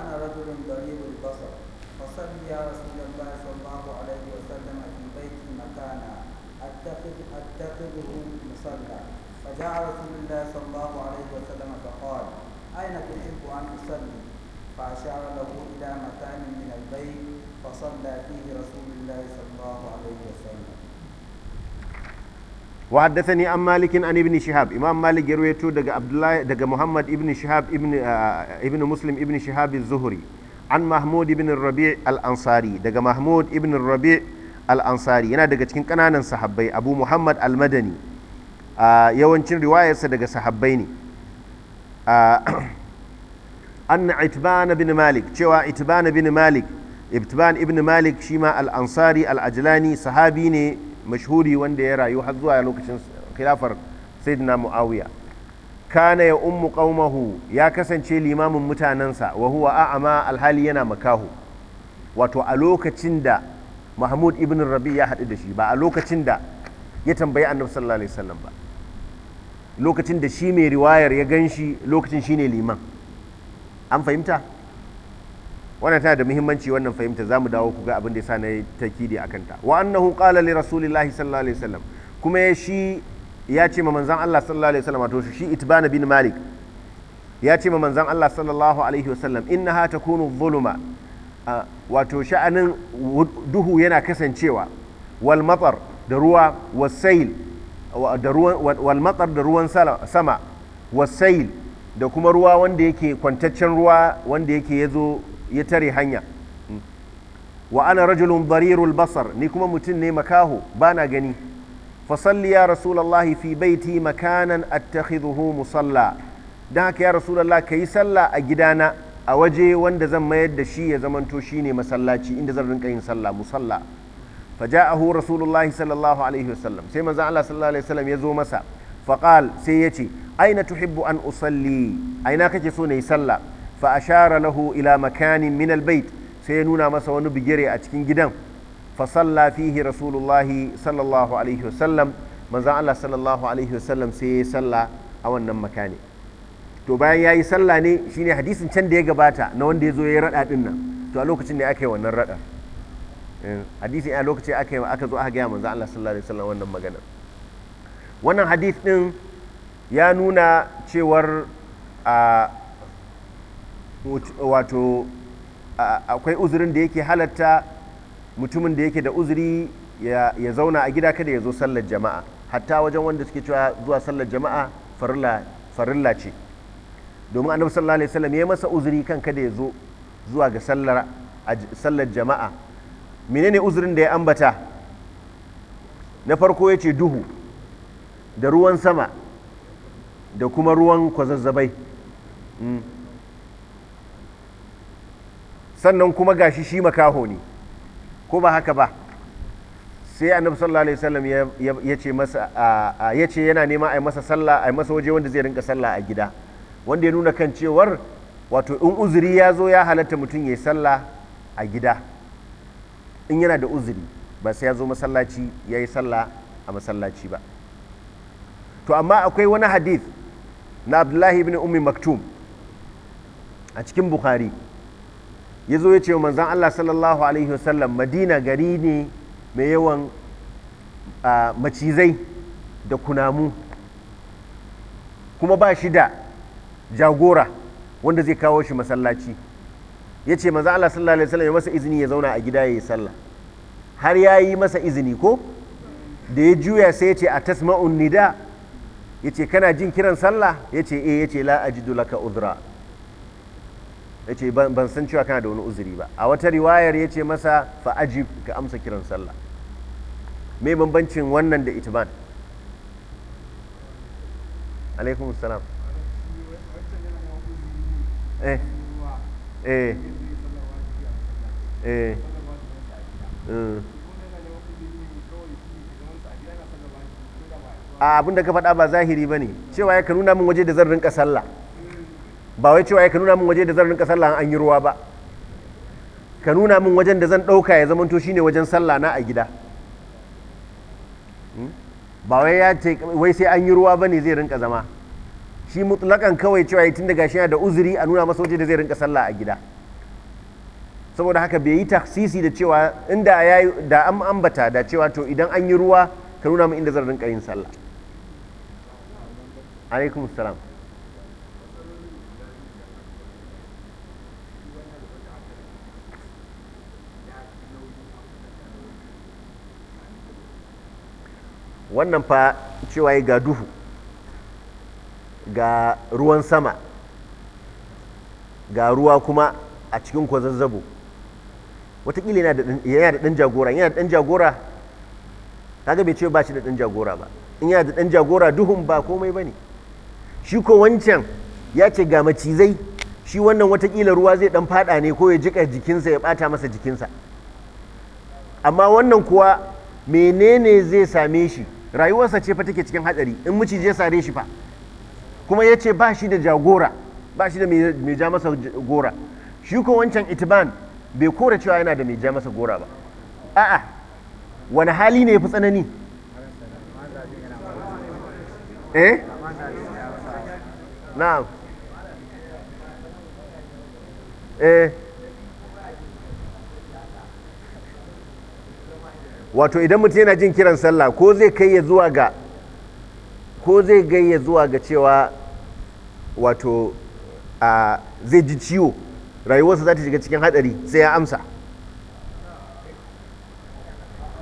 وأنا رجل ضريب البصر فصل يا رسول الله صلى الله عليه وسلم في بيتي مكانا أتخذ أتخذه مصلى فجاء رسول الله صلى الله عليه وسلم فقال أين تحب أن أصلي؟ فأشار له إلى مكان من البيت فصلى فيه رسول الله صلى الله عليه وسلم wa ni an malikin an ibn shihab imam malik ya rawaito daga abdullahi daga muhammad ibn shihab ibn ibn muslim ibn shihab az an mahmud ibn rabi' al daga mahmud ibn rabi' al yana daga cikin kananan sahabbai abu muhammad al yawancin riwayarsa daga sahabbai ne an itban bin malik cewa itban bin malik ibtiban ibn malik shi ma al-ansari al-ajlani sahabi ne mashhuri wanda ya rayu har zuwa lokacin khilafar sayyidina muawiya kana ya ummu qaumahu ya kasance limamin mutanensa wa huwa a'ama alhali yana makahu wato a lokacin da mahmud ibn rabi ya haɗu da shi ba a lokacin da ya tambayi annabi sallallahu alaihi wasallam ba lokacin da shi mai riwayar ya gan shi lokacin shine liman an fahimta wannan tana da muhimmanci wannan fahimta zamu dawo ku ga abin da ya sa na takidi akan ta wa annahu qala li rasulillahi sallallahu alaihi wasallam kuma shi ya ce ma manzon Allah sallallahu alaihi wasallam to shi itban bin malik ya ce ma manzon Allah sallallahu alaihi wasallam innaha takunu dhuluma wato sha'anin duhu yana kasancewa wal matar da ruwa wasail da ruwan wal matar da ruwan sama wasail da kuma ruwa wanda yake kwantaccen ruwa wanda yake yazo ya tare hanya wa ana rajulun barirul basar ni kuma mutum ne makaho Ba na gani fasalli ya rasulallah fi baiti makanan attakhidhuhu musalla dan haka ya rasulallah kayi sallah a gidana a waje wanda zan mayar da shi ya zamanto shine masallaci inda zan rinka yin sallah musalla فجاءه رسول الله صلى الله عليه وسلم سيما زعل الله صلى الله عليه وسلم يزو مسا فقال سيتي أين تحب أن أصلي أين كتسوني سلا fa ashara lahu ila makanin min albayt sai ya nuna masa wani bigire a cikin gidan fa salla fihi rasulullahi sallallahu alaihi wasallam manzon Allah sallallahu alaihi wasallam sai ya salla a wannan makani to bayan yayi salla ne shine hadisin can da ya gabata na wanda ya zo ya rada din nan to a lokacin ne aka yi wannan rada eh, hadisin a lokacin aka yi aka zo aka ga manzon Allah sallallahu alaihi wasallam wannan magana wannan hadis din ya nuna cewar a ah, wato akwai uzurin da yake halatta mutumin da yake da uzuri ya zauna a gida kada ya zo sallar jama'a hatta wajen wanda suke cewa zuwa sallar jama'a farilla ce domin annabi sallallahu alaihi wasallam ya masa uzuri kan kada ya zo zuwa ga sallar jama'a menene uzurin da ya ambata na farko ya ce duhu da ruwan sama da kuma ruwan kwazazzabai hmm. sannan kuma gashi shi makaho ne ko ba haka ba sai annabi sallallahu alaihi wasallam ya ce masa ya ce yana nema a yi masa sallah a yi masa waje wanda zai rinka sallah a gida wanda ya nuna kan cewar wato in uzuri ya zo ya halatta mutum ya yi sallah a gida in yana da uzuri ba sai ya zo masallaci ya yi sallah a masallaci ba to amma akwai wani hadith na abdullahi ibn ummi maktum a cikin bukhari ya zo ya ce wa manzan Allah sallallahu alaihi wasallam madina gari ne mai yawan macizai da kunamu kuma ba shi da jagora wanda zai kawo shi masallaci ya ce manzan Allah sallallahu alaihi wasallam ya masa izini ya zauna a gida ya yi sallah har ya yi masa izini ko da ya juya sai ya ce a tasma'un nida ya ce kana jin kiran sallah ya ce eh ya ce la ajidu laka udra ya ce ban san cewa kana da wani uzuri ba a wata riwayar ya ce masa fa'ajib ka amsa kiran sallah mai bambancin wannan da itiban alaikum salam eh eh eh mm. a abinda ka faɗa ba zahiri ba ne cewa ya ka nuna min waje da zan rinka sallah ba wai cewa ka nuna min waje da zan rinka sallah an yi ruwa ba ka nuna min wajen da zan ɗauka ya zamanto ne wajen sallah na a gida hmm? ba wai ya ce wai sai an yi ruwa ba ne zai rinka zama shi mutlakan kawai cewa tun daga gashi da uzuri a nuna masa waje da zai rinka sallah a gida saboda haka bai yi taksisi da cewa inda ya da an ambata da cewa to idan an yi ruwa ka nuna min inda zan rinka yin sallah alaikum salam wannan fa cewa ga duhu ga ruwan sama ga ruwa kuma a cikin kwazazzabo watakila yana da ɗan jagora yana da ɗan jagora ta bai ce ba shi da ɗan jagora ba in yana da ɗan jagora duhun ba komai ba ne shi ko wancan ya ce ga macizai shi wannan watakila ruwa zai ɗan fada ne ko ya jika jikinsa ya ɓata masa jikinsa amma wannan kuwa menene zai same shi rayuwarsa ce fa take cikin hatsari in miciji ya sare shi fa kuma ya ce ba shi da jagora ba shi da mai ja masa gora shi ko wancan itiban bai kora cewa yana da mai ja masa gora ba a'a wani hali ne ya fi tsanani eh na'am eh wato idan mutum yana jin kiran sallah ko zai kai ya zuwa ga ko zai gai ya zuwa ga cewa wato zai ji ciwo rayuwarsa za ta shiga cikin hadari sai ya amsa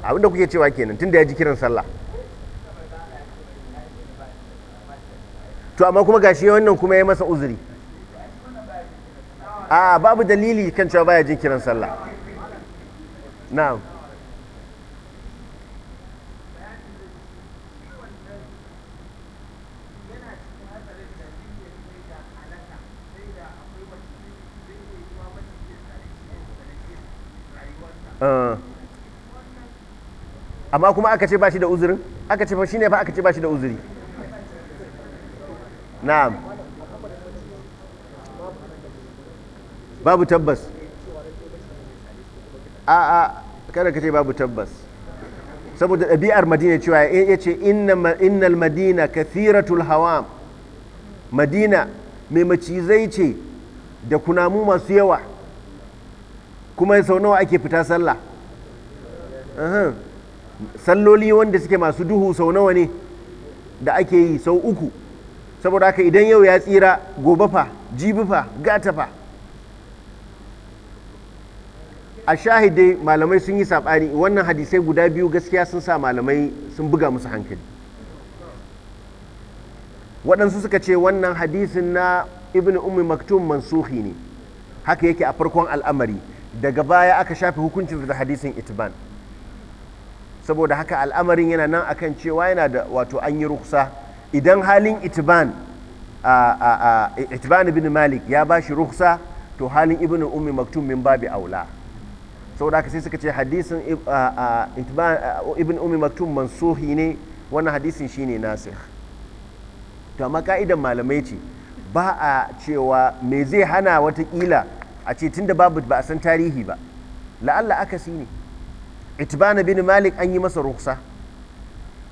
abinda kuke cewa kenan tun da ya ji kiran sallah to amma kuma gashi wannan kuma ya masa uzuri a babu dalili kan cewa baya jin kiran sallah na'am amma kuma aka ce ba shi da uzurin aka ce shi ne fa aka ce ba shi da uzuri na'am babu tabbas a a kada ka ce babu tabbas saboda ɗabi'ar madina cewa ya ce innal madina kathiratul hawam madina mai macizai ce da kunamu masu yawa kuma sau nawa ake fita sallah salloli wanda suke masu duhu sau nawa ne da ake yi sau uku saboda haka idan yau ya tsira gobe fa jibi fa gata fa a shahidai malamai sun yi saɓani wannan hadisai guda biyu gaskiya sun sa malamai sun buga musu hankali waɗansu suka ce wannan hadisin na ibn ummi maktum mansuhi ne haka yake a farkon al'amari daga baya aka shafe hukuncin da hadisin itban saboda haka al'amarin yana nan akan cewa yana da wato an yi ruksa idan halin itiban itiban ibn malik ya ba shi ruksa to halin ibn ummi maktum min babi aula saboda haka sai suka ce hadisin ibn ummi maktum mansuhi ne wannan hadisin shine nasikh to amma ka'idan malamai ce ba a cewa me zai hana watakila a ce tunda babu ba a san tarihi ba la'alla aka ne itibana bin malik an yi masa ruksa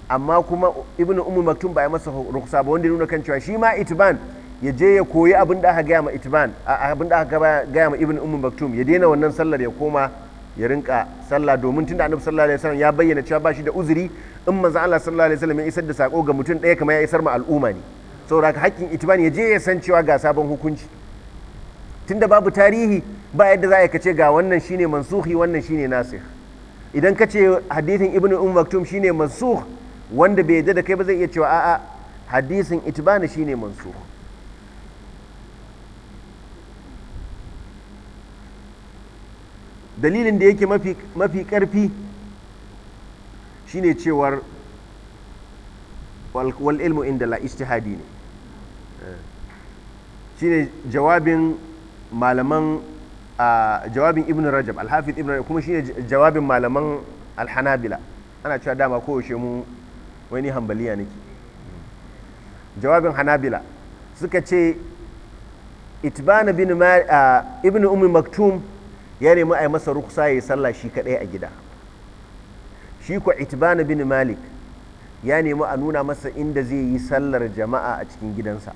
amma kuma ibn ummu maktum ba ya masa ruksa ba wanda nuna kan cewa shi ma itban ya je ya koyi abin da aka gaya ma itiban abin da aka gaya ma ibnu ummu maktum ya daina wannan sallar ya koma ya rinka sallah domin tunda annabi sallallahu alaihi wasallam ya bayyana cewa ba shi da uzuri in manzo Allah sallallahu alaihi wasallam ya isar da sako ga mutum ɗaya kamar ya isar ma al'umma ne saboda hakkin itiban ya je ya san cewa ga sabon hukunci tunda babu tarihi ba yadda za a kace ga wannan shine mansuhi wannan shine nasikh idan ka ce hadisin ibn um maktum shine mansukh wanda bai yadda da kai ba zai iya cewa a'a hadisin itbani shine mansukh dalilin da yake mafi mafi karfi shine cewar wal ilmu inda la istihadi ne shine jawabin malaman a jawabin ibn rajab alhafiz ibn rajab kuma shine jawabin malaman alhanabila ana cewa dama koyaushe mu wani hambaliya nake jawabin hanabila suka ce itbana bin ibn ummi maktum ya nemi a yi masa ruksa ya yi sallah shi kadai a gida shi ko itbana bin malik ya nemi a nuna masa inda zai yi sallar jama'a a cikin gidansa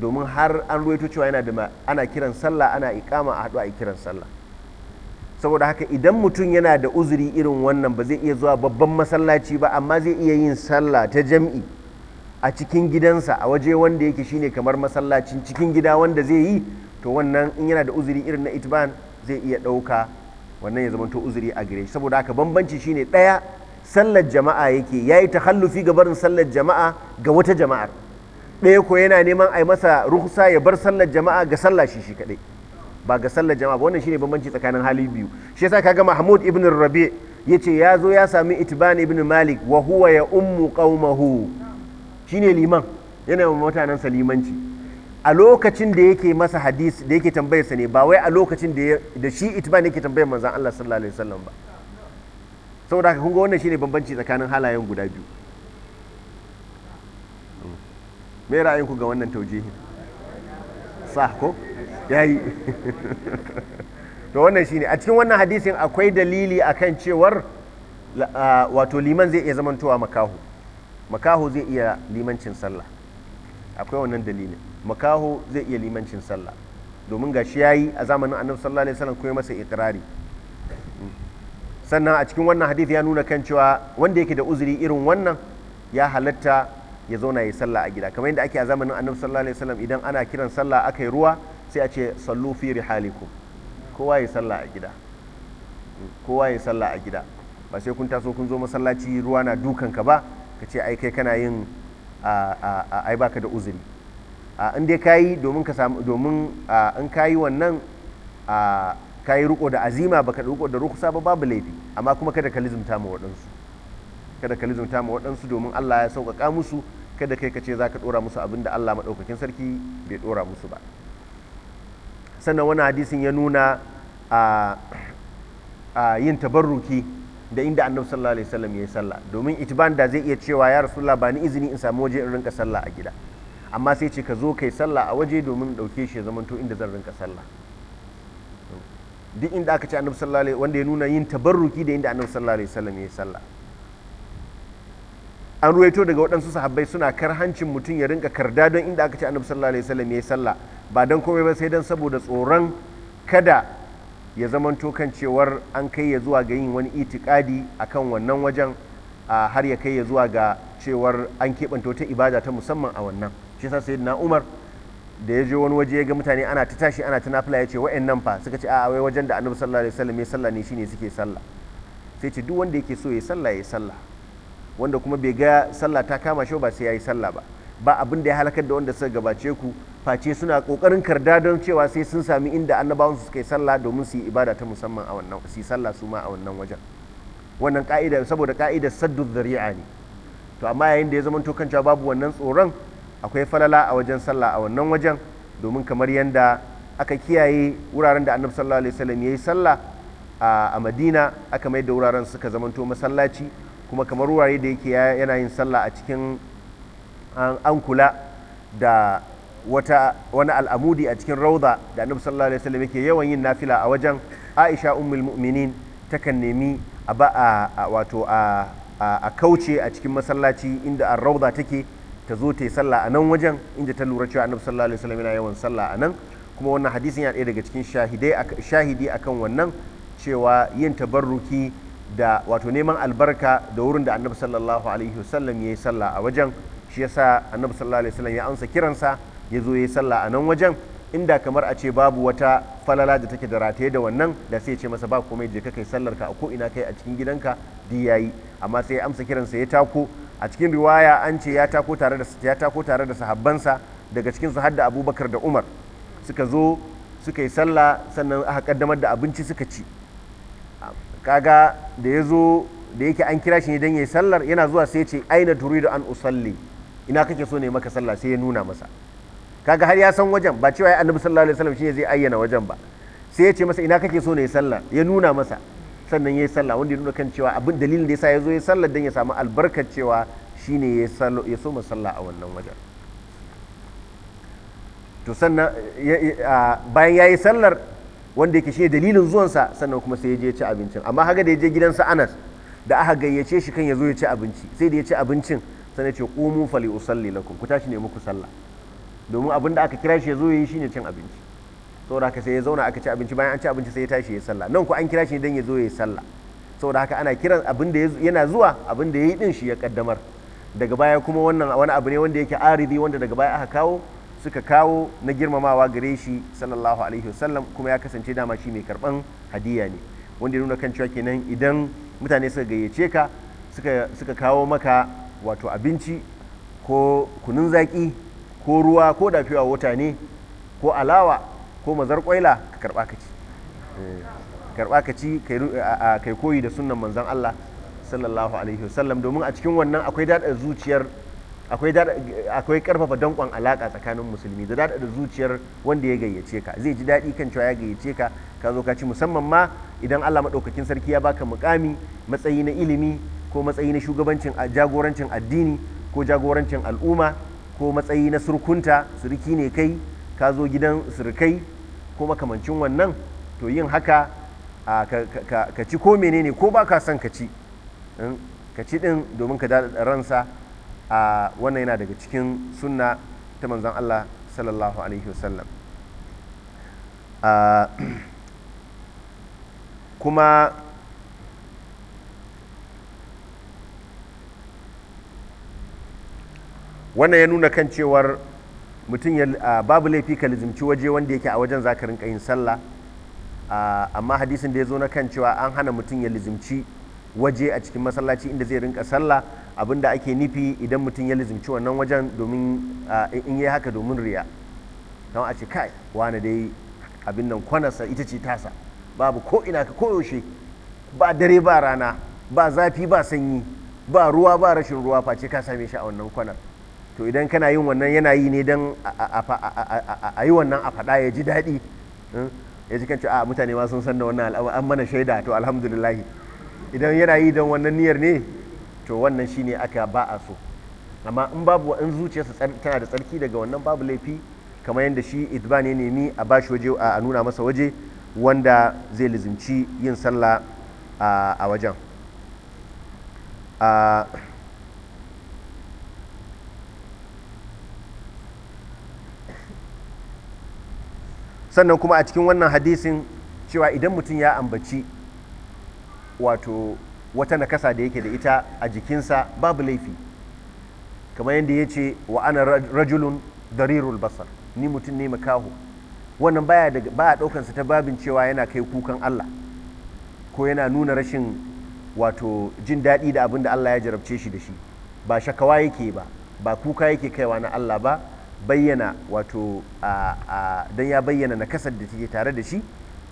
domin har an ruwaito cewa yana da ana kiran sallah ana ikama a haɗu a kiran sallah saboda haka idan mutum yana da uzuri irin wannan ba zai iya zuwa babban masallaci ba amma zai iya yin sallah ta jam'i a cikin gidansa a waje wanda yake shine kamar masallacin cikin gida wanda zai yi to wannan in yana da uzuri irin na itban zai iya ɗauka wannan ya zama to uzuri a gare shi saboda haka bambanci shine ɗaya sallar jama'a yake yayi yi tahallufi ga barin sallar jama'a ga wata jama'ar ɗaya ko yana neman a yi masa ruhusa ya bar sallar jama'a ga sallah shi shi kaɗai ba ga sallar jama'a ba wannan shine bambanci tsakanin hali biyu shi yasa kaga Mahmud ibn Rabi ce ya zo ya sami Itban ibn Malik wa huwa ya ummu qaumahu shine liman yana wa mutanen sa limanci a lokacin da yake masa hadis da yake tambayar sa ne ba wai a lokacin da da shi Itban yake tambayar manzon Allah sallallahu alaihi wasallam ba saboda haka kun ga wannan shine bambanci tsakanin halayen guda biyu me ra'ayinku ga wannan taujihi sa ko yayi to wannan shine a cikin wannan hadisin akwai dalili akan cewar wato liman zai iya zamantowa makaho makaho zai iya limancin sallah akwai wannan dalilin makaho zai iya limancin sallah domin ga shi yayi a zamanin annabi sallallahu alaihi wasallam kuma masa ikrari sannan a cikin wannan hadith ya nuna kan cewa wanda yake da uzuri irin wannan ya halatta ya zauna ya sallah a gida kamar yadda ake a zamanin annabi sallallahu alaihi wasallam idan ana kiran sallah aka yi ruwa sai a ce sallu fi rihalikum kowa ya sallah a gida kowa ya sallah a gida ba sai kun taso kun zo masallaci ruwa na dukan ka ba ka ce ai kai kana yin ai baka da uzuri in dai kayi domin ka samu domin in kayi wannan kayi riko da azima baka riko da rukusa ba babu laifi amma kuma kada ka lizumta mu waɗansu kada ka lizumta mu waɗansu domin Allah ya sauƙaƙa musu kada kai ka ce za ka ɗora musu abin da allah maɗaukakin sarki bai ɗora musu ba sannan wani hadisin ya nuna a yin tabarruki da inda annabi sallallahu alaihi wasallam ya yi sallah domin itiban da zai iya cewa ya rasulullah ba ni izini in samu waje in rinka sallah a gida amma sai ce ka zo kai sallah a waje domin ɗauke shi ya zamanto inda zan rinka sallah duk inda aka ce annabi sallallahu alaihi wanda ya nuna yin tabarruki da inda annabi sallallahu alaihi wasallam ya yi sallah an ruwaito daga waɗansu sahabbai suna kar hancin mutum ya rinka karda don inda aka ce annabi sallallahu alaihi wasallam ya yi sallah ba don komai ba sai don saboda tsoron kada ya zamanto kan cewar an kai ya zuwa ga yin wani itikadi akan wannan wajen har ya kai ya zuwa ga cewar an keɓanta wata ibada ta musamman a wannan shi yasa na Umar da ya je wani waje ya ga mutane ana ta tashi ana ta nafila ya ce wa'annan fa suka ce a wai wajen da annabi sallallahu alaihi wasallam ya sallah ne shine suke sallah sai ce duk wanda yake so ya sallah ya sallah wanda kuma bai ga sallah ta kama shi ba sai yayi sallah ba ba abin da ya halakar da wanda suka gabace ku face suna kokarin karda don cewa sai sun sami inda annabawan su suka yi sallah domin su yi ibada ta musamman a wannan su yi sallah su ma a wannan wajen wannan ka'ida saboda ka'idar saddu zari'a ne to amma yayin da ya zama to kanta babu wannan tsoron akwai falala a wajen sallah a wannan wajen domin kamar yadda aka kiyaye wuraren da annabi sallallahu alaihi wasallam yayi sallah a madina aka mai da wuraren suka zamanto masallaci kuma kamar wurare da yake yana yin sallah a cikin an kula da wata wani al'amudi a cikin rauda da annabi sallallahu alaihi wasallam yake yawan yin nafila a wajen aisha ummul mu'minin takan nemi a ba a wato a a kauce a cikin masallaci inda ar rauda take ta zo ta yi sallah a nan wajen inda ta lura cewa annabi sallallahu alaihi wasallam yana yawan sallah a nan kuma wannan hadisin yana da daga cikin shahidi akan wannan cewa yin tabarruki da wato neman albarka da wurin da annabi sallallahu alaihi wasallam ya yi sallah a wajen shi yasa annabi sallallahu alaihi wasallam ya amsa kiransa ya zo ya yi sallah a nan wajen inda kamar a ce babu wata falala da take da rataye da wannan da sai ce masa ba komai je kai sallar ka a ko ina kai a cikin gidanka di yayi amma sai ya amsa kiransa ya tako a cikin riwaya an ce ya tako tare da ya tako tare da sahabbansa daga cikin su har da Abubakar da Umar suka zo suka yi sallah sannan aka kaddamar da abinci suka ci kaga da ya zo da yake an kira shi ne don ya yi sallar yana zuwa sai ce aina turidu an usalli ina kake so ne maka sallah sai ya nuna masa kaga har ya san wajen ba cewa ya annabi sallallahu alaihi wasallam shine zai ayyana wajen ba sai ya ce masa ina kake so ne sallah ya nuna masa sannan ya yi sallah wanda ya nuna kan cewa abin dalilin da yasa ya zo ya sallah don ya samu albarkar cewa shine ya sallo ya so sallah a wannan wajen to sannan bayan ya yi sallar wanda yake shine dalilin zuwansa sannan kuma sai ya je ci abincin amma haka da ya je gidansa anas da aka gayyace shi kan ya zo ya ci abinci sai da ya ci abincin sai sannan ce qumu fali usalli lakum ku tashi ne muku sallah domin abin da aka kira shi ya zo yi shine cin abinci saboda haka sai ya zauna aka ci abinci bayan an ci abinci sai ya tashi ya sallah nan ku an kira shi dan ya zo ya sallah saboda haka ana kiran abin da yana zuwa abin da ya yi din shi ya kaddamar daga baya kuma wannan wani abu ne wanda yake aridi wanda daga baya aka kawo suka kawo na girmamawa gare shi sallallahu alaihi wasallam kuma ya kasance dama shi mai karban hadiya ne wanda ya nuna kan cewa kenan idan mutane suka gayyace ka suka kawo maka wato abinci ko kunun zaki ko ruwa ko dafewa wata ne ko alawa ko mazar kwaila ka karba ka ci eh, karba ka ci kai koyi da sunnan manzon Allah sallallahu alaihi wasallam domin a cikin wannan akwai daɗa zuciyar akwai karfafa dankon alaka tsakanin musulmi da daɗa zuciyar wanda ya gayyace ka zai ji daɗi kan cewa ya gayyace ka ka zo ka ci musamman ma idan Allah maɗaukakin sarki ya baka mukami matsayi na ilimi ko matsayi na shugabancin jagorancin addini ko jagorancin al'umma ko matsayi na surkunta surki ne kai ka zo gidan surkai ko makamancin wannan to yin haka ka ci ko menene ko ba ka son ka ci hmm, ka ci ɗin domin ka daɗa ransa a wannan yana daga cikin sunna ta manzan Allah sallallahu alaihi wasallam kuma wannan ya nuna kan cewar mutum ya babu laifi ka lizimci waje wanda yake a wajen zakarin kayin sallah amma hadisin da ya zo na kan cewa an hana mutum ya lizimci waje a cikin masallaci inda zai rinka sallah abinda ake nufi idan mutum ya lizimci wannan wajen domin in yi haka domin riya don a ce kai wani dai abin nan kwanasa ita ce tasa babu ko ina ka koyaushe ba dare ba rana ba zafi ba sanyi ba ruwa ba rashin ruwa face ka same shi a wannan kwanar to idan kana yin wannan yana yi ne don a yi wannan a faɗa ya ji daɗi hmm? ya ji kan a mutane ma sun san da wannan al'amma an mana shaida to alhamdulillahi idan yana yi don wannan niyyar ne to wannan shine aka ba a so amma in babu in zuciyarsa tana da tsarki daga wannan babu laifi kamar yadda shi idban ya nemi a bashi waje a nuna masa waje wanda zai lizinci yin sallah a wajen sannan kuma a cikin wannan hadisin cewa idan mutum ya ambaci wato wata nakasa da yake da ita a jikinsa babu laifi kamar yadda ya ce wa ana rajulun darirul basar ni mutum ne makaho wannan baya da ba a sa ta babin cewa yana kai kukan Allah ko yana nuna rashin wato jin daɗi da abin da Allah ya jarabce shi da shi ba shakawa yake ba ba kuka yake kaiwa na Allah ba bayyana wato don ya bayyana nakasar da take tare da shi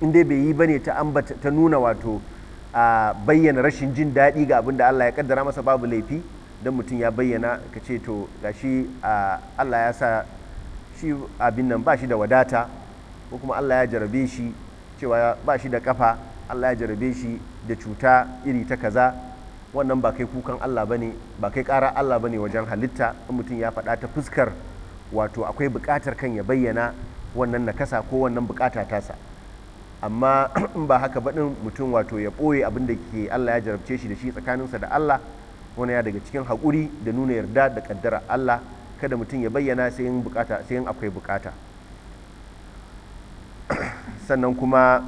in dai bai yi bane ta ta nuna wato a bayyana rashin jin daɗi ga abin da Allah ya kaddara masa babu laifi don mutum ya bayyana ka ce to ga shi Allah ya sa shi abin nan ba shi da wadata ko kuma Allah ya jarabe shi cewa ba shi da kafa Allah ya jarabe shi da cuta iri ta kaza wannan ba kai kukan Allah bane ba kai ƙara Allah bane wajen halitta in mutum ya faɗa ta fuskar wato akwai buƙatar kan ya bayyana wannan nakasa ko wannan buƙata tasa amma in ba haka baɗin mutum wato ya ɓoye abin da ke Allah ya jarabce shi da shi tsakaninsa da Allah wani ya daga cikin haƙuri da nuna yarda da ƙaddara Allah kada mutum ya bayyana sai in bukata sai yin akwai bukata sannan kuma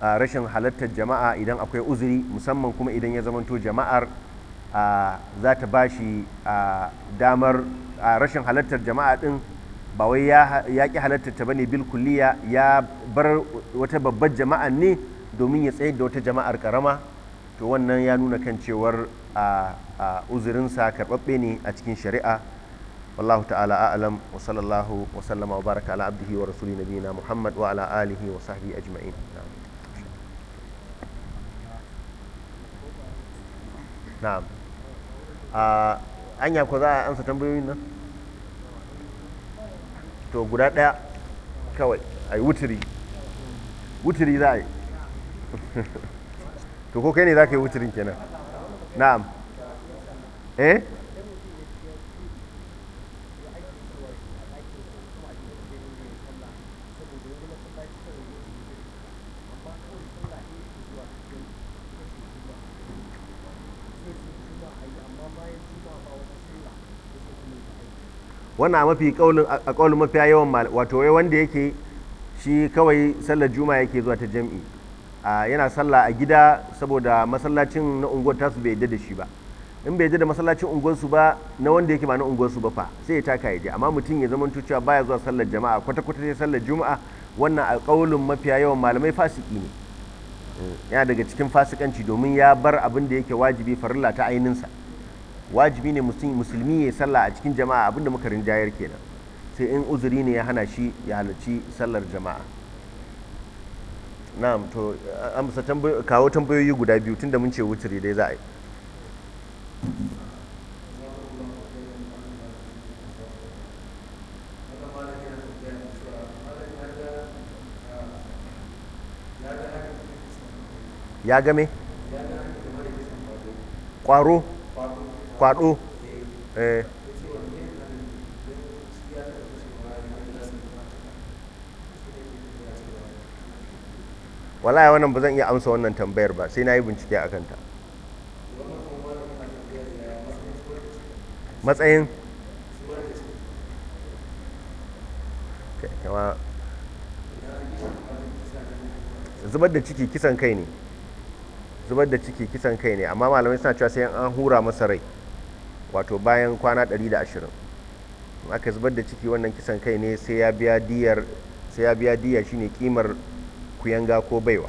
rashin halartar jama'a idan akwai uzuri musamman kuma idan ya zamanto jama'ar za ta ba shi damar rashin halartar jama'a ɗin ba wai ya ƙi halartar ta bane bil ya bar wata babbar jama'a ne domin ya tsayar da wata jama'ar karama to wannan ya nuna kan cewar a uzurinsa karɓaɓɓe ne a cikin shari'a wallahu ta'ala a'lam wa sallallahu wa sallama wa baraka ala abdihi wa rasuli nabiyina muhammad wa ala alihi wa sahbihi ajma'in na'am anya ko za a ansa tambayoyin nan to guda ɗaya kawai a yi wuturi wuturi za a yi to ko kai ne za ka yi wuturin kenan na'am eh wannan a mafi kaulin a kaulin mafi yawan wato wai wanda yake shi kawai sallar juma'a yake zuwa ta jam'i yana sallah a gida saboda masallacin na unguwar tasu bai yadda da shi ba in bai yadda da masallacin unguwar su ba na wanda yake ba na unguwar su ba fa sai ya taka ya je amma mutum ya zama cewa baya zuwa sallar jama'a kwata kwata sai sallar juma'a wannan a kaulin mafi yawan malamai fasiki ne eh, yana daga cikin fasikanci domin ya bar abin da yake wajibi farilla ta ainihin sa wajibi ne musulmi ya sallah a cikin jama'a abinda muka rinjayar kenan sai in uzuri ne ya hana shi ya halarci sallar jama'a na'am to amsa kawo tambayoyi guda biyu tunda mun ce wuturi dai za a yi ya game? kwaro kwado eh wallahi wannan ba zan iya amsa wannan tambayar ba sai na yi bincike a kanta matsayin zubar da ciki kisan kai ne zubar da ciki kisan kai ne amma malamai suna cewa sai an hura masa rai wato bayan kwana 120 aka zubar da ciki wannan kisan kai ne sai ya biya diyar shi ne kimar kuyanga ko baiwa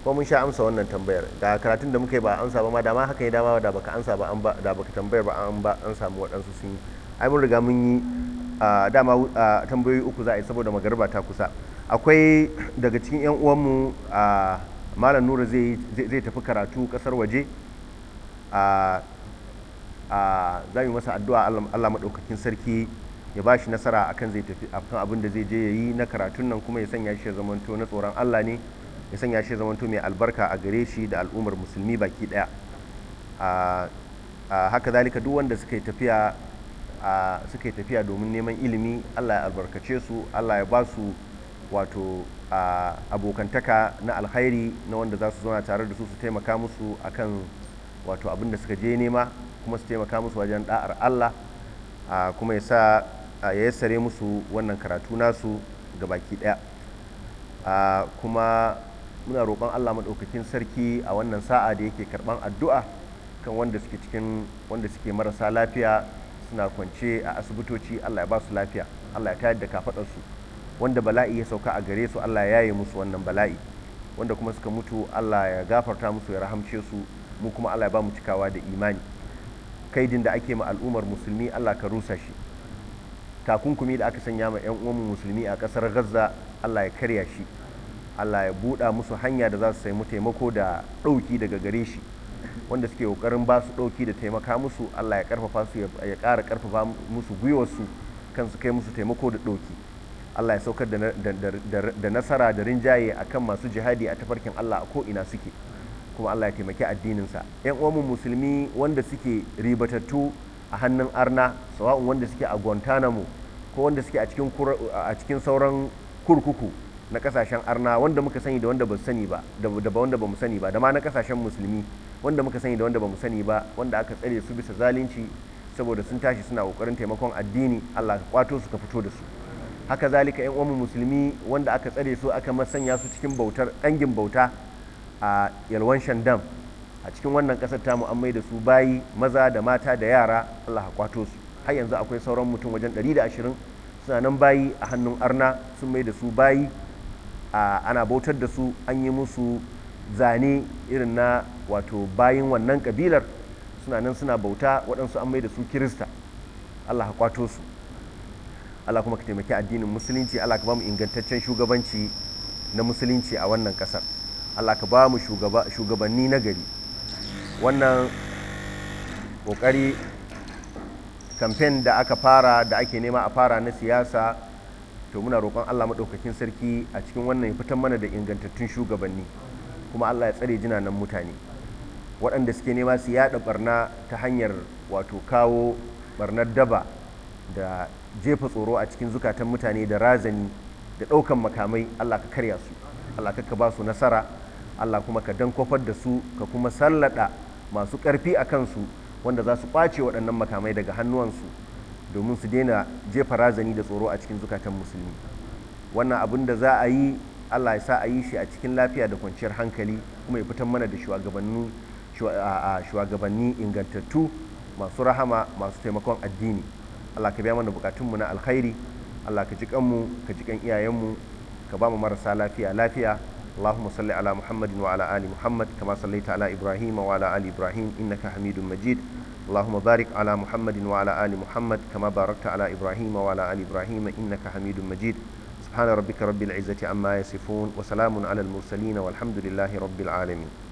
ko mun sha amsa wannan tambayar da karatun da muka yi ba amsa ba ma da ma haka yi dama da baka amsa ba ba da baka tambayar ba an ba an samu waɗansu sun yi ai mun riga mun yi dama tambayoyi uku za a yi saboda magarba ta kusa akwai daga cikin yan uwanmu malam nura zai tafi karatu kasar waje za mu masa addu'a Allah maɗaukakin sarki ya ba shi nasara akan zai tafi akan abin da zai je ya yi na karatun nan kuma ya sanya shi ya zamanto na tsoron Allah ne ya sanya shi ya zamanto mai albarka a gare shi da al'ummar musulmi baki ɗaya haka zalika duk wanda suka yi tafiya suka yi tafiya domin neman ilimi Allah ya albarkace su Allah ya ba su wato abokantaka na alkhairi na wanda za su zauna tare da su su taimaka musu akan wato abin da suka je nema kuma su taimaka musu wajen da'ar Allah kuma ya sa ya yassare musu wannan karatu nasu ga baki daya kuma muna roƙon Allah maɗaukakin sarki a wannan sa'a da yake karɓan addu'a kan wanda suke cikin wanda suke marasa lafiya suna kwance a asibitoci Allah ya ba su lafiya Allah ya tayar da kafaɗarsu wanda bala'i ya sauka a gare su Allah ya yaye musu wannan bala'i wanda kuma suka mutu Allah ya gafarta musu ya rahamce su mu kuma Allah ya ba mu cikawa da imani kaidin da ake ma al'ummar musulmi Allah ka rusa shi takunkumi da aka sanya ma 'yan uwan musulmi a kasar gaza Allah ya karya shi Allah ya buɗa musu hanya da za su sai taimako da ɗauki daga gare shi wanda suke ƙoƙarin ba su ɗauki da taimaka musu Allah ya ƙarfafa su ya ƙara karfafa musu su kan su kai musu taimako da ɗauki Allah ya saukar da nasara da rinjaye akan masu jihadi a tafarkin Allah a ko ina suke kuma Allah ya taimaki addininsa yan uwanmu musulmi wanda suke ribatattu a hannun arna sawa'un wanda suke a guantanamo ko wanda suke a cikin sauran kurkuku na kasashen arna wanda muka sani da wanda ba sani ba da wanda ba mu sani ba da ma na kasashen musulmi wanda muka sani da wanda ba mu sani ba wanda aka tsare su bisa zalunci saboda sun tashi suna kokarin taimakon addini Allah ka kwato su ka fito da su haka zalika yan uwan musulmi wanda aka tsare su aka masanya su cikin bautar dangin bauta a yalwan dam a cikin wannan ƙasar tamu an mai da su bayi maza da mata da yara allah kwato su har yanzu akwai sauran mutum wajen 120 suna nan bayi a hannun arna sun mai da su bayi a ana bautar da su an yi musu zane irin na wato bayin wannan kabilar suna nan suna bauta waɗansu an mai da su kirista allah kwato su allah kuma ka taimaki addinin musulunci allah ka ba mu ingantaccen shugabanci na musulunci a wannan kasar. Allah ka ba mu shugabanni na gari wannan kokari kamfen da aka fara da ake nema a fara na siyasa to muna roƙon Allah maɗaukakin sarki a cikin wannan ya fitan mana da ingantattun shugabanni kuma Allah ya tsare jinanan mutane waɗanda suke nema su yaɗa barna ta hanyar wato kawo ɓarnar daba da jefa tsoro a cikin zukatan mutane da razani da ɗaukan makamai Allah ka karya su Allah ka ba su nasara Allah kuma ka kofar da su ka kuma sallada masu ƙarfi a kansu wanda za su ƙwace waɗannan makamai daga hannuwansu domin su daina jefa razani da tsoro a cikin zukatan musulmi wannan abin da za a yi Allah ya sa a yi shi a cikin lafiya da kwanciyar hankali kuma ya fitar mana da shugabanni ingantattu masu rahama masu taimakon addini Allah ka biya mana bukatunmu na alkhairi Allah ka ji kanmu ka ji kan iyayenmu ka ba mu marasa lafiya lafiya اللهم صل على محمد وعلى آل محمد كما صليت على إبراهيم وعلى آل إبراهيم إنك حميد مجيد اللهم بارك على محمد وعلى آل محمد كما باركت على إبراهيم وعلى آل إبراهيم إنك حميد مجيد سبحان ربك رب العزة عما يصفون وسلام على المرسلين والحمد لله رب العالمين